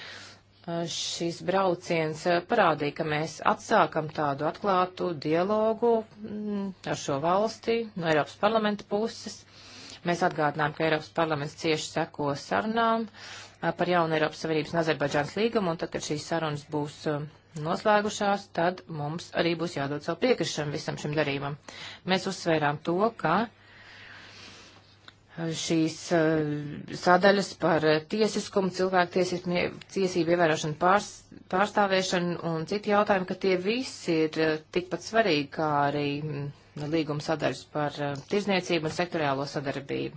Šis brauciens parādīja, ka mēs atsākam tādu atklātu dialogu mm, ar šo valsti no Eiropas parlamenta puses. Mēs atgādinām, ka Eiropas parlaments cieši seko sarunām par jaunu Eiropas Savienības un Azerbaidžānas līgumu, un tad, kad šīs sarunas būs noslēgušās, tad mums arī būs jādod savu piekrišanu visam šim darījumam. Mēs uzsvērām to, ka eh, šīs eh, sadaļas par tiesiskumu, cilvēku tiesību ievērošanu, pārs, pārstāvēšanu un citu jautājumu, ka tie visi ir eh, tikpat svarīgi kā arī mm, līguma sadaļas par tirzniecību un sektoriālo sadarbību.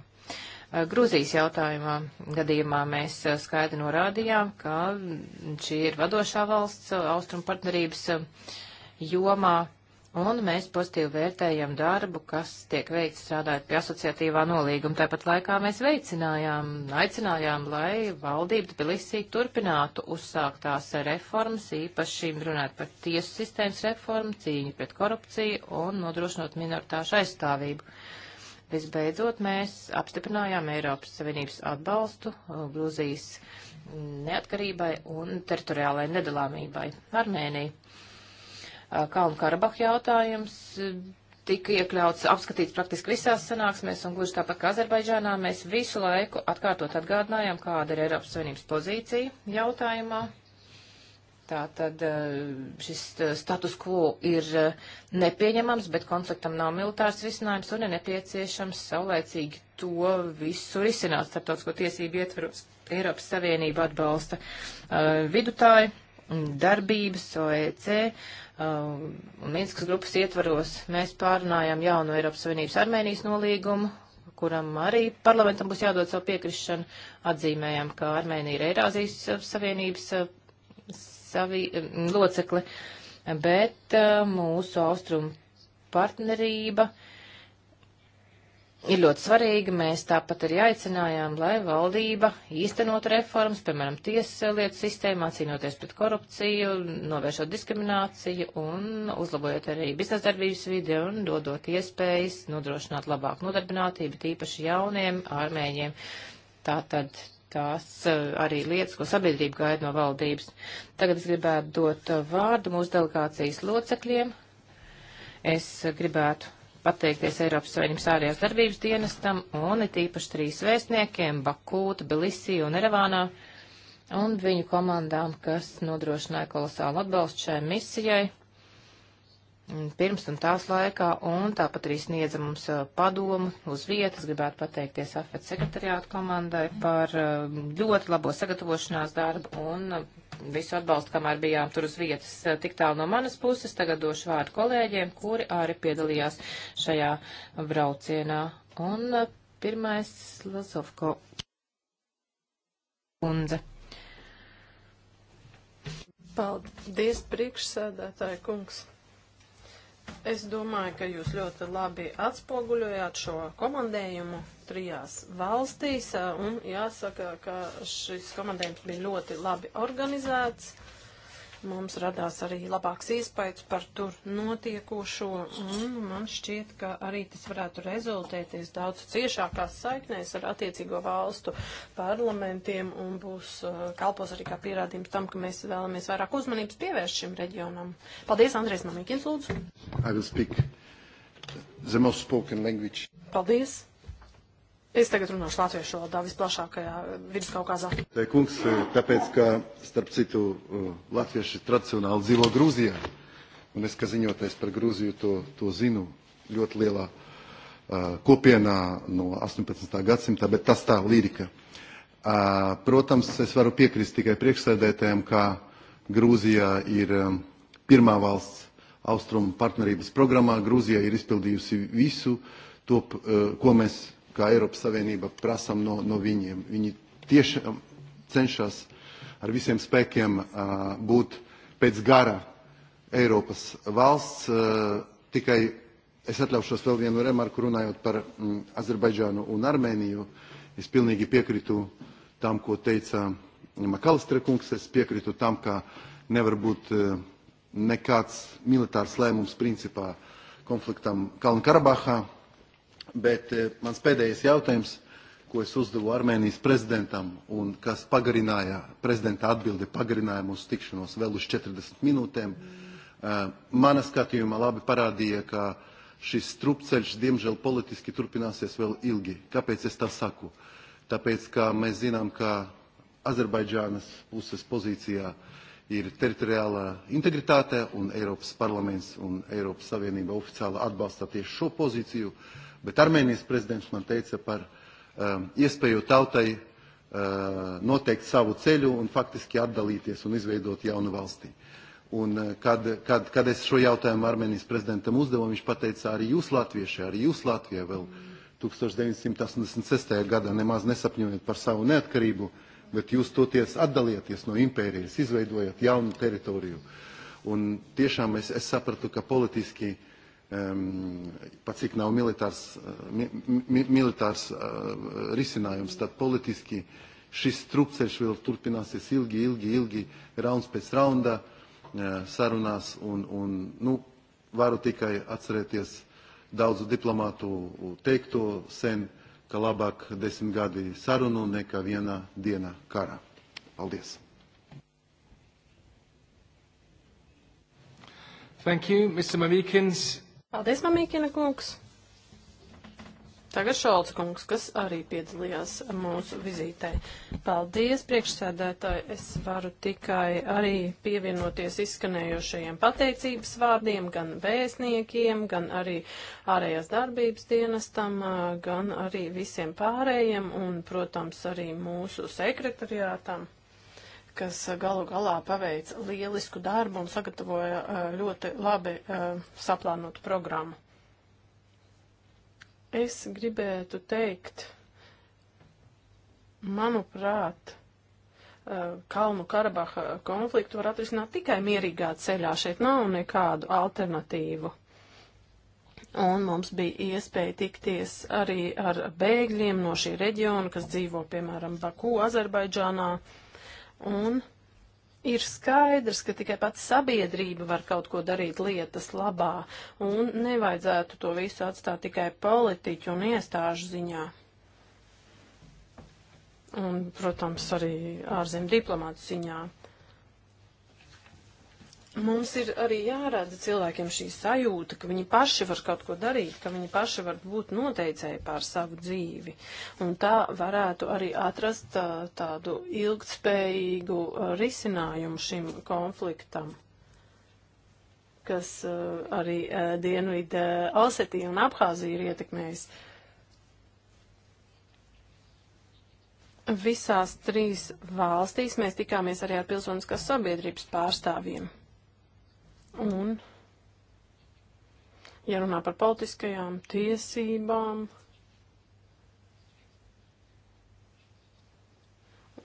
Eh, Grūzijas jautājumā gadījumā mēs eh, skaidri norādījām, ka šī ir vadošā valsts eh, austrumu partnerības jomā, un mēs pozitīvi vērtējam darbu, kas tiek veikts strādājot pie asociatīvā nolīguma. Tāpat laikā mēs veicinājām, aicinājām, lai valdība Tbilisī turpinātu uzsāktās reformas, īpaši runāt par tiesu sistēmas reformu, cīņu pret korupciju un nodrošinot minoritāšu aizstāvību. Visbeidzot, mēs apstiprinājām Eiropas Savienības atbalstu uh, Gruzijas neatkarībai un teritoriālajai nedalāmībai Armēnijai. Uh, Kalnu Karabahu jautājums uh, tika iekļauts, apskatīts praktiski visās sanāksmēs, un gluži tāpat kā Azerbaidžānā, mēs visu laiku atkārtot atgādinājām, kāda ir Eiropas Savienības pozīcija jautājumā, Tā tad eh, šis eh, status quo ir eh, nepieņemams, bet konfliktam nav militārs risinājums un ir nepieciešams saulēcīgi to visu risināt starptautisko tiesību ietveros. Eiropas Savienība atbalsta uh, vidutāju darbības OEC uh, un Minskas grupas ietvaros. Mēs pārunājām jauno Eiropas Savienības Armēnijas nolīgumu, kuram arī parlamentam būs jādod savu piekrišanu. Atzīmējām, ka Armēnija ir Eirāzijas Savienības savi mm, locekli, bet eh, mūsu austrumu partnerība ir ļoti svarīga. Mēs tāpat arī aicinājām, lai valdība īstenot reformas, piemēram, tieslietu sistēmā, cīnoties pret korupciju, novēršot diskrimināciju un uzlabojot arī biznesa darbības vidi un dodot iespējas nodrošināt labāku nodarbinātību, tīpaši jauniem ārmēņiem. Tātad tās eh, arī lietas, ko sabiedrība gaida no valdības. Tagad es gribētu dot eh, vārdu mūsu delegācijas locekļiem. Es gribētu pateikties Eiropas Savienības ārējās darbības dienestam un it īpaši trīs vēstniekiem - Bakūta, Belisī un Erevānā un viņu komandām, kas nodrošināja kolosālu atbalstu šai misijai Mm, pirms un tās laikā, un tāpat arī sniedza mums uh, padomu uz vietas. Gribētu pateikties AFET sekretariātu komandai par uh, ļoti labo sagatavošanās darbu un uh, visu atbalstu, kamēr bijām tur uz vietas. Tik tālu no manas puses, tagad došu vārdu kolēģiem, kuri arī piedalījās šajā braucienā. Un pirmais Lazovko kundze. Paldies, priekšsēdētāji kungs. Es domāju, ka jūs ļoti labi atspoguļojāt šo komandējumu trijās valstīs, eh, un jāsaka, ka šis komandējums bija ļoti labi organizēts. Mums radās arī labāks iespējas par tur notiekošo, un man šķiet, ka arī tas varētu rezultēties daudz ciešākās saiknēs ar attiecīgo valstu parlamentiem, un būs uh, kalpos arī kā pierādījums tam, ka mēs vēlamies vairāk uzmanības pievērst šim reģionam. Paldies, Andrēs Mamikins, lūdzu. Paldies. Es tagad runāšu latviešu valodā visplašākajā Vidus-Kaukazā. Kungs, eh, tāpēc, ka starp citu eh, latvieši tradicionāli dzīvo Grūzijā, un es, ka ziņoties par Grūziju, to, to zinu ļoti lielā uh, kopienā no 18. gadsimta, bet tas tā lirika. Uh, protams, es varu piekrist tikai priekšsēdētājiem, ka Grūzijā ir um, pirmā valsts austrumu partnerības programmā. Grūzija ir izpildījusi visu to, uh, ko mēs kā Eiropas Savienība prasam no, no viņiem. Viņi tiešām eh, cenšas ar visiem spēkiem uh, būt pēc gara Eiropas valsts. Uh, tikai es atļaušos vēl vienu remarku runājot par mm, Azerbaidžānu un Armēniju. Es pilnīgi piekritu tam, ko teica Makalistra kungs. Es piekritu tam, ka nevar būt uh, nekāds militārs lēmums principā konfliktam Kalnu Karabahā Bet eh, mans pēdējais jautājums, ko es uzdevu Armēnijas prezidentam un kas pagarināja, prezidenta atbildi pagarināja mūsu tikšanos vēl uz 40 minūtēm, eh, mana skatījumā labi parādīja, ka šis strupceļš, diemžēl, politiski turpināsies vēl ilgi. Kāpēc es tā saku? Tāpēc, ka mēs zinām, ka Azerbaidžānas puses pozīcijā ir teritoriālā integritāte un Eiropas parlaments un Eiropas Savienība oficiāli atbalsta tieši šo pozīciju. Uh, Bet Armēnijas prezidents man teica par um, iespēju tautai uh, noteikt savu ceļu un faktiski atdalīties un izveidot jaunu valstī. Un uh, kad, kad, kad es šo jautājumu Armēnijas prezidentam uzdevu, viņš pateica, arī jūs latvieši, arī jūs Latvijā vēl 1986. gadā nemaz nesapņojat par savu neatkarību, bet jūs toties atdalieties no impērijas, izveidojat jaunu teritoriju. Un tiešām es, es sapratu, ka politiski uh, um, ehm, pat cik nav militārs, eh, mi, mi, militārs uh, risinājums, tad politiski šis strupceļš vēl turpināsies ilgi, ilgi, ilgi, rauns pēc raunda uh, sarunās. Un, un, nu, varu tikai atcerēties daudzu diplomātu teikto sen, ka labāk desmit gadi sarunu nekā viena diena kara. Paldies! Thank you, Mr. Mamikins. Paldies, Mamīkina kungs! Tagad Šalts kungs, kas arī piedalījās mūsu vizītē. Paldies, priekšsēdētāji. Es varu tikai arī pievienoties izskanējošajiem pateicības vārdiem gan vēstniekiem, gan arī ārējās darbības dienestam, gan arī visiem pārējiem un, protams, arī mūsu sekretariātam kas eh, galu galā paveic lielisku darbu un sagatavoja eh, ļoti labi eh, saplānotu programmu. Es gribētu teikt, manuprāt, Kalnu Karabaha konfliktu var atrisināt tikai mierīgā ceļā. Šeit nav nekādu alternatīvu. Un mums bija iespēja tikties arī ar bēgļiem no šī reģiona, kas dzīvo, piemēram, Baku, Azerbaidžānā. Uh, Un Ir skaidrs, ka tikai pats sabiedrība var kaut ko darīt lietas labā, un nevajadzētu to visu atstāt tikai politiķu un iestāžu ziņā. Un, protams, arī ārzem diplomātu ziņā. Mums ir arī jārāda cilvēkiem šī sajūta, ka viņi paši var kaut ko darīt, ka viņi paši var būt noteicēji pār savu dzīvi. Un tā varētu arī atrast tādu ilgtspējīgu risinājumu šim konfliktam, kas arī Dienvidu Osetiju un Abhāziju ir ietekmējis. Visās trīs valstīs mēs tikāmies arī ar pilsoniskās sabiedrības pārstāvjiem. Un, ja runā par politiskajām tiesībām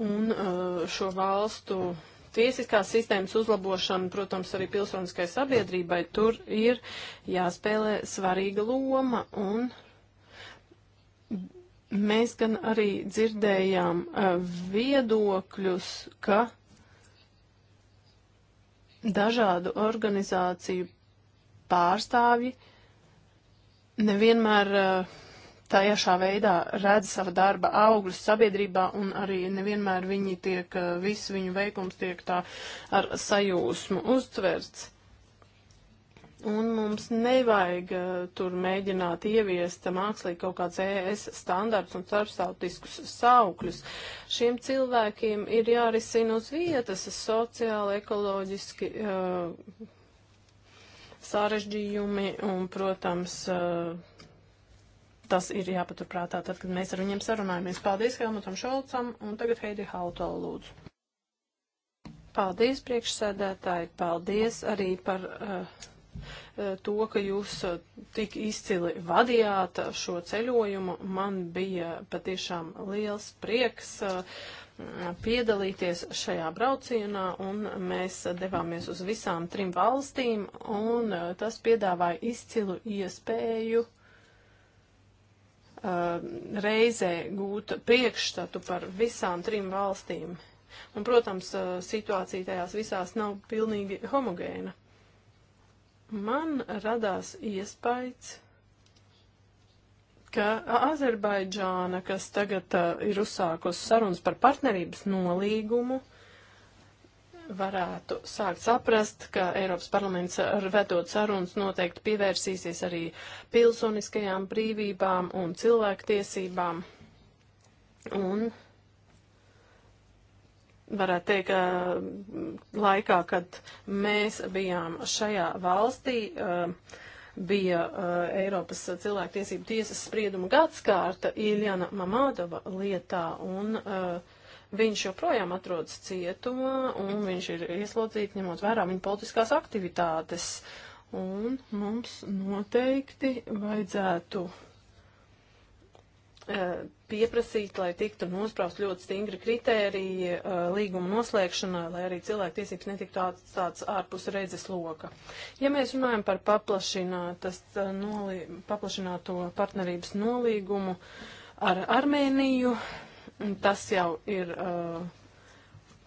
un uh, šo valstu tiesiskās sistēmas uzlabošana, protams, arī pilsoniskai sabiedrībai, tur ir jāspēlē svarīga loma. Un mēs gan arī dzirdējām uh, viedokļus, ka dažādu organizāciju pārstāvji nevienmēr eh, tajā veidā redz sava darba augļus sabiedrībā un arī nevienmēr viņi tiek, eh, viss viņu veikums tiek tā ar sajūsmu uztverts. Un mums nevajag uh, tur mēģināt ieviest mākslīgi kaut kāds ES standarts un starptautiskus saukļus. Šiem cilvēkiem ir jārisina uz vietas sociāli, ekoloģiski uh, sarežģījumi un, protams, uh, tas ir jāpaturprātā tad, kad mēs ar viņiem sarunājamies. Paldies Helmutam Šolcam un tagad Heidi Hautala lūdzu. Paldies priekšsēdētāji, paldies arī par. Uh, Eh, to, ka jūs eh, tik izcili vadījāt eh, šo ceļojumu. Man bija patiešām liels prieks piedalīties šajā braucienā, un mēs devāmies uz visām trim valstīm, un tas piedāvāja izcilu iespēju uh, reizē gūt priekšstatu par visām trim valstīm. Un, protams, situācija tajās visās nav pilnīgi homogēna. Man radās iespējas, ka Azerbaidžāna, kas tagad uh, ir uzsākusi sarunas par partnerības nolīgumu, varētu sākt saprast, ka Eiropas parlaments ar vedot sarunas noteikti pievērsīsies arī pilsoniskajām brīvībām un cilvēktiesībām. Un varētu teikt, mm, laikā, kad mēs bijām šajā valstī, uh, bija uh, Eiropas cilvēktiesību tiesas sprieduma gadskārta Iljana Mamādova lietā, un uh, viņš joprojām atrodas cietumā, un viņš ir ieslodzīts, ņemot vērā viņa politiskās aktivitātes. Un mums noteikti vajadzētu uh, Eh, pieprasīt, lai tiktu nospraust ļoti stingri kriteriji eh, līguma noslēgšanai, lai arī cilvēktiesības netiktu atstāts ārpus redzes loka. Ja mēs runājam par eh, nolī, paplašināto partnerības nolīgumu ar Armēniju, tas jau ir uh,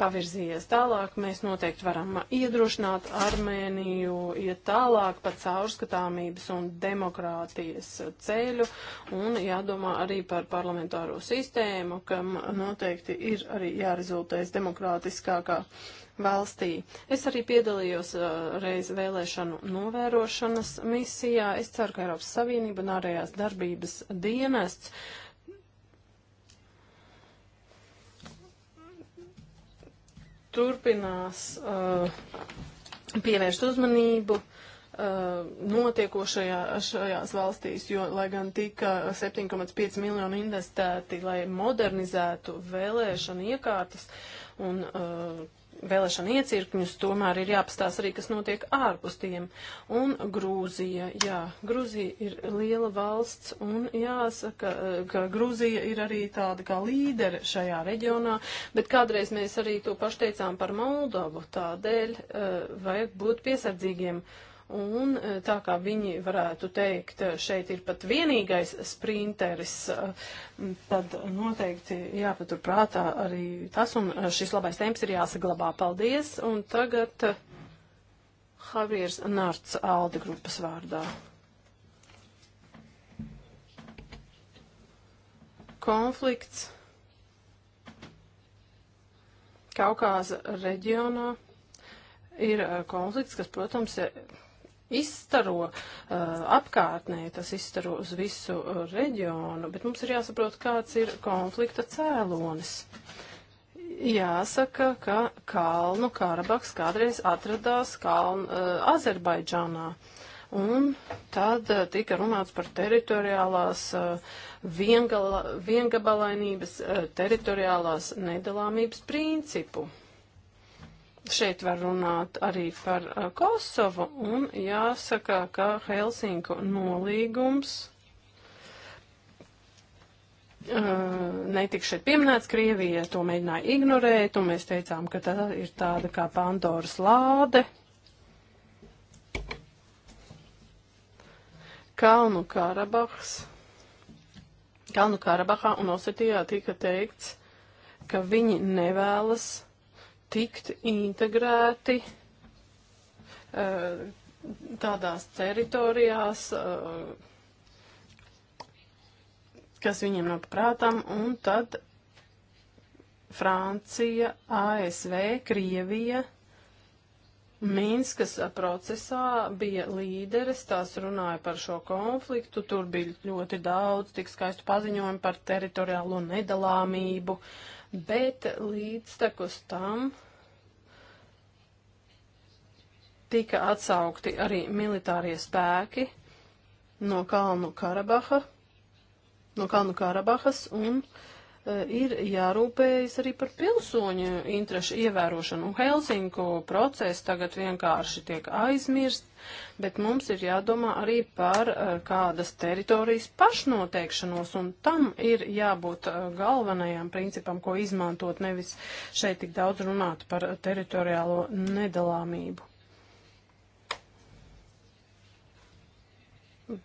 pavirzījies tālāk, mēs noteikti varam iedrošināt Armēniju, iet tālāk pa caurskatāmības un demokrātijas ceļu un jādomā arī par parlamentāro sistēmu, kam noteikti ir arī jārezultēs demokrātiskākā valstī. Es arī piedalījos uh, reiz vēlēšanu novērošanas misijā. Es ceru, ka Eiropas Savienība un ārējās darbības dienests turpinās uh, pievērst uzmanību Uh, notiekošajā šajās valstīs, jo, lai gan tika 7,5 miljoni investēti, lai modernizētu vēlēšanu iekārtas un uh, vēlēšanu iecirkņus, tomēr ir jāpastāsta arī, kas notiek ārpus tiem. Un Grūzija, jā, Grūzija ir liela valsts un jāsaka, uh, ka Grūzija ir arī tāda kā līdere šajā reģionā, bet kādreiz mēs arī to pašteicām par Moldovu, tādēļ uh, vajag būt piesardzīgiem. Uh, Un e, tā kā viņi varētu teikt, e, šeit ir pat vienīgais sprinteris, e, tad noteikti jāpatur prātā arī tas, un šis labais temps ir jāsaglabā. Paldies! Un tagad Javiers Nārts Alde grupas vārdā. Konflikts Kaukāza reģionā ir konflikts, kas, protams, ir izstaro uh, apkārtnē, tas izstaro uz visu uh, reģionu, bet mums ir jāsaprot, kāds ir konflikta cēlonis. Jāsaka, ka Kalnu Karabaks kādreiz atradās Kalnu uh, Azerbaidžānā. Un tad uh, tika runāts par teritoriālās uh, viengala, viengabalainības, uh, teritoriālās nedalāmības principu. Šeit var runāt arī par uh, Kosovu un jāsaka, ka Helsinku nolīgums uh, netika šeit pieminēts, Krievija to mēģināja ignorēt, un mēs teicām, ka tā ir tāda kā Pandoras lāde. Kalnu Karabahs. Kalnu Karabahā un Osetijā tika teikts, ka viņi nevēlas tikt integrēti uh, tādās teritorijās, uh, kas viņiem nav prātām, un tad Francija, ASV, Krievija. Minskas procesā bija līderes, tās runāja par šo konfliktu, tur bija ļoti daudz tik skaistu paziņojumu par teritoriālo nedalāmību, uh, bet līdztekus tam tika atsaukti arī militārie spēki no Kalnu Karabaha, no Kalnu Karabahas un uh, Eh, ir jārūpējas arī par pilsoņu interešu ievērošanu. Un Helsinku process tagad vienkārši tiek aizmirst, bet mums ir jādomā arī par eh, kādas teritorijas pašnoteikšanos, un tam ir jābūt eh, galvenajam principam, ko izmantot, nevis šeit tik daudz runāt par teritoriālo nedalāmību.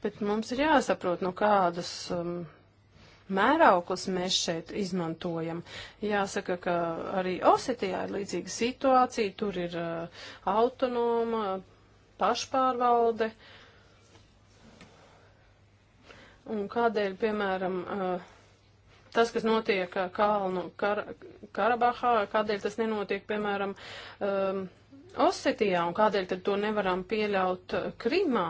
Bet mums ir jāsaprot, no kādas um, mērauklis mēs šeit izmantojam. Jāsaka, ka arī Osetijā ir līdzīga situācija, tur ir uh, autonoma pašpārvalde. Un kādēļ, piemēram, uh, tas, kas notiek uh, Kalnu Kar Karabahā, kādēļ tas nenotiek, piemēram, um, Osetijā un kādēļ tad to nevaram pieļaut uh, Krimā?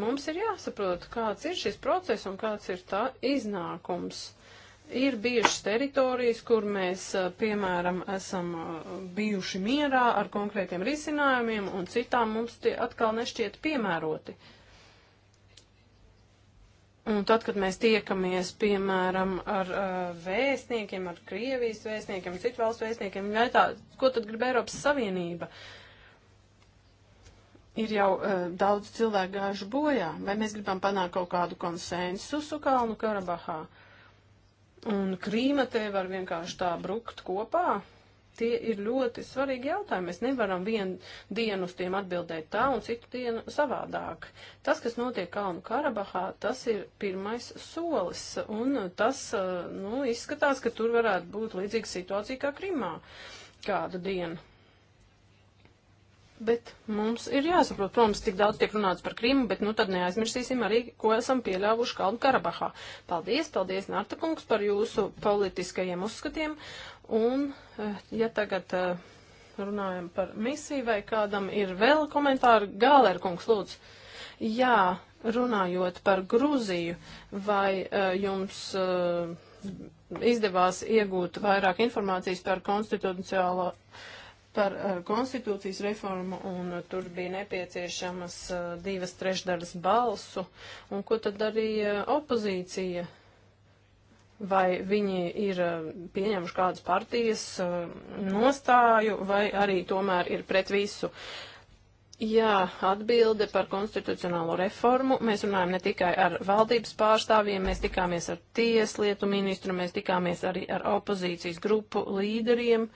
Mums ir jāsaprot, kāds ir šis process un kāds ir tā iznākums. Ir bijušas teritorijas, kur mēs, eh, piemēram, esam eh, bijuši mierā ar konkrētiem risinājumiem, un citām mums tie atkal nešķiet piemēroti. Un tad, kad mēs tiekamies, piemēram, ar uh, vēstniekiem, ar Krievijas vēstniekiem, citu valstu vēstniekiem, jautā, ko tad grib Eiropas Savienība? Uh, ir jau uh, daudz cilvēku gājuši bojā, vai mēs gribam panākt kaut kādu konsensusu Kalnu Karabahā. Un Krīma te var vienkārši tā brukt kopā. Tie ir ļoti svarīgi jautājumi. Mēs nevaram vienu dienu uz tiem atbildēt tā un citu dienu savādāk. Tas, kas notiek Kalnu Karabahā, tas ir pirmais solis. Un tas, uh, nu, izskatās, ka tur varētu būt līdzīga situācija kā Krimā kādu dienu. Bet mums ir jāsaprot, protams, tik daudz tiek runāts par Krimu, bet nu tad neaizmirsīsim arī, ko esam pieļāvuši Kalnu Karabahā. Paldies, paldies, Nārta kungs, par jūsu politiskajiem uzskatiem. Un, eh, ja tagad eh, runājam par misiju, vai kādam ir vēl komentāri, Gālēr kungs, lūdzu. Jā, runājot par Gruziju, vai uh, jums uh, izdevās iegūt vairāk informācijas par konstitucionālo uh, par uh, konstitūcijas reformu, un uh, tur bija nepieciešamas uh, divas trešdaļas balsu, un ko tad darīja opozīcija? Vai viņi ir pieņemuši kādas partijas nostāju, vai arī tomēr ir pret visu? Jā, atbilde par konstitucionālo reformu. Mēs runājam ne tikai ar valdības pārstāvjiem, mēs tikāmies ar tieslietu ministru, mēs tikāmies arī ar opozīcijas grupu līderiem,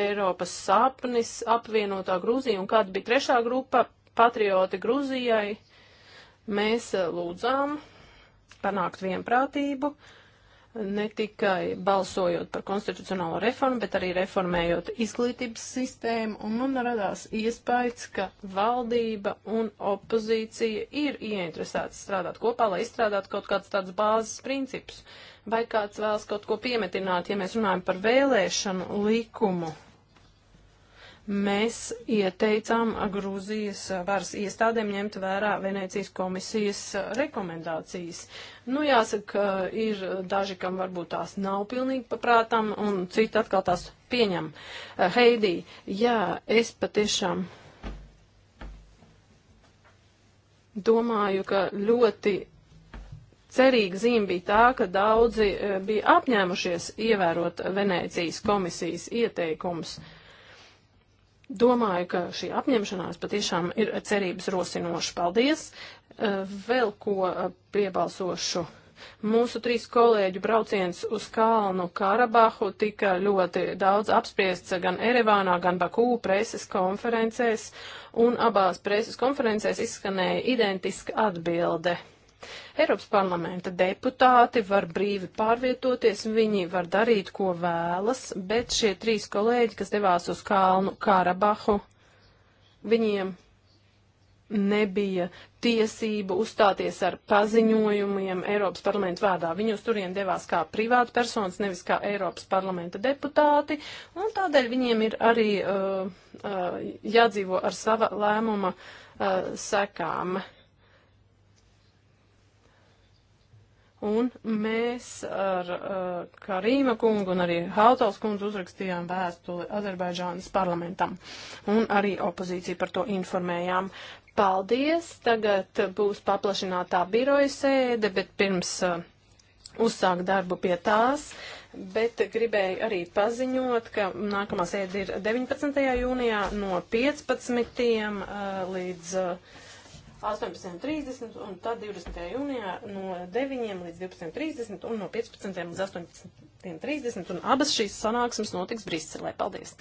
Eiropas sapnis, apvienotā Grūzija un kāda bija trešā grupa patrioti Grūzijai. Mēs eh, lūdzām panākt vienprātību. Uh, ne tikai balsojot par konstitucionālo reformu, bet arī reformējot izglītības sistēmu, un man radās iespējas, ka valdība un opozīcija ir ieinteresētas strādāt kopā, lai izstrādātu kaut kāds tāds bāzes princips. Vai kāds vēlas kaut ko piemetināt, ja mēs runājam par vēlēšanu likumu? mēs ieteicām Grūzijas varas iestādēm ņemt vērā Venecijas komisijas rekomendācijas. Nu, jāsaka, ir daži, kam varbūt tās nav pilnīgi paprātam, un citi atkal tās pieņem. Eh, Heidī, jā, es patiešām domāju, ka ļoti cerīga zīme bija tā, ka daudzi eh, bija apņēmušies ievērot Venecijas komisijas ieteikumus. Uh, Domāju, ka šī apņemšanās patiešām ir cerības rosinoša. Paldies! Eh, vēl ko eh, piebalsošu. Mūsu trīs kolēģu brauciens uz Kalnu Karabahu tika ļoti daudz apspriests gan Erevānā, gan Bakū preses konferencēs, un abās preses konferencēs izskanēja identiska atbilde. Eiropas parlamenta deputāti var brīvi pārvietoties, viņi var darīt, ko vēlas, bet šie trīs kolēģi, kas devās uz Kalnu Karabahu, viņiem nebija tiesību uzstāties ar paziņojumiem Eiropas parlamenta vārdā. Viņi uz turien devās kā privāta personas, nevis kā Eiropas parlamenta deputāti, un tādēļ viņiem ir arī uh, uh, jādzīvo ar sava lēmuma uh, sekām. Uh, Un mēs ar uh, Karīma kungu un arī Hautals kungu uzrakstījām vēstuli Azerbaidžānas parlamentam. Un arī opozīciju par to informējām. Paldies! Tagad būs paplašinātā biroja sēde, bet pirms uh, uzsākt darbu pie tās. Bet gribēju arī paziņot, ka nākamā sēde ir 19. jūnijā no 15. Uh, līdz. Uh, 18.30 un tad 20. jūnijā no 9 līdz 12.30 un no 15. līdz 18.30 un abas šīs sanāksmes notiks Briselē. Paldies!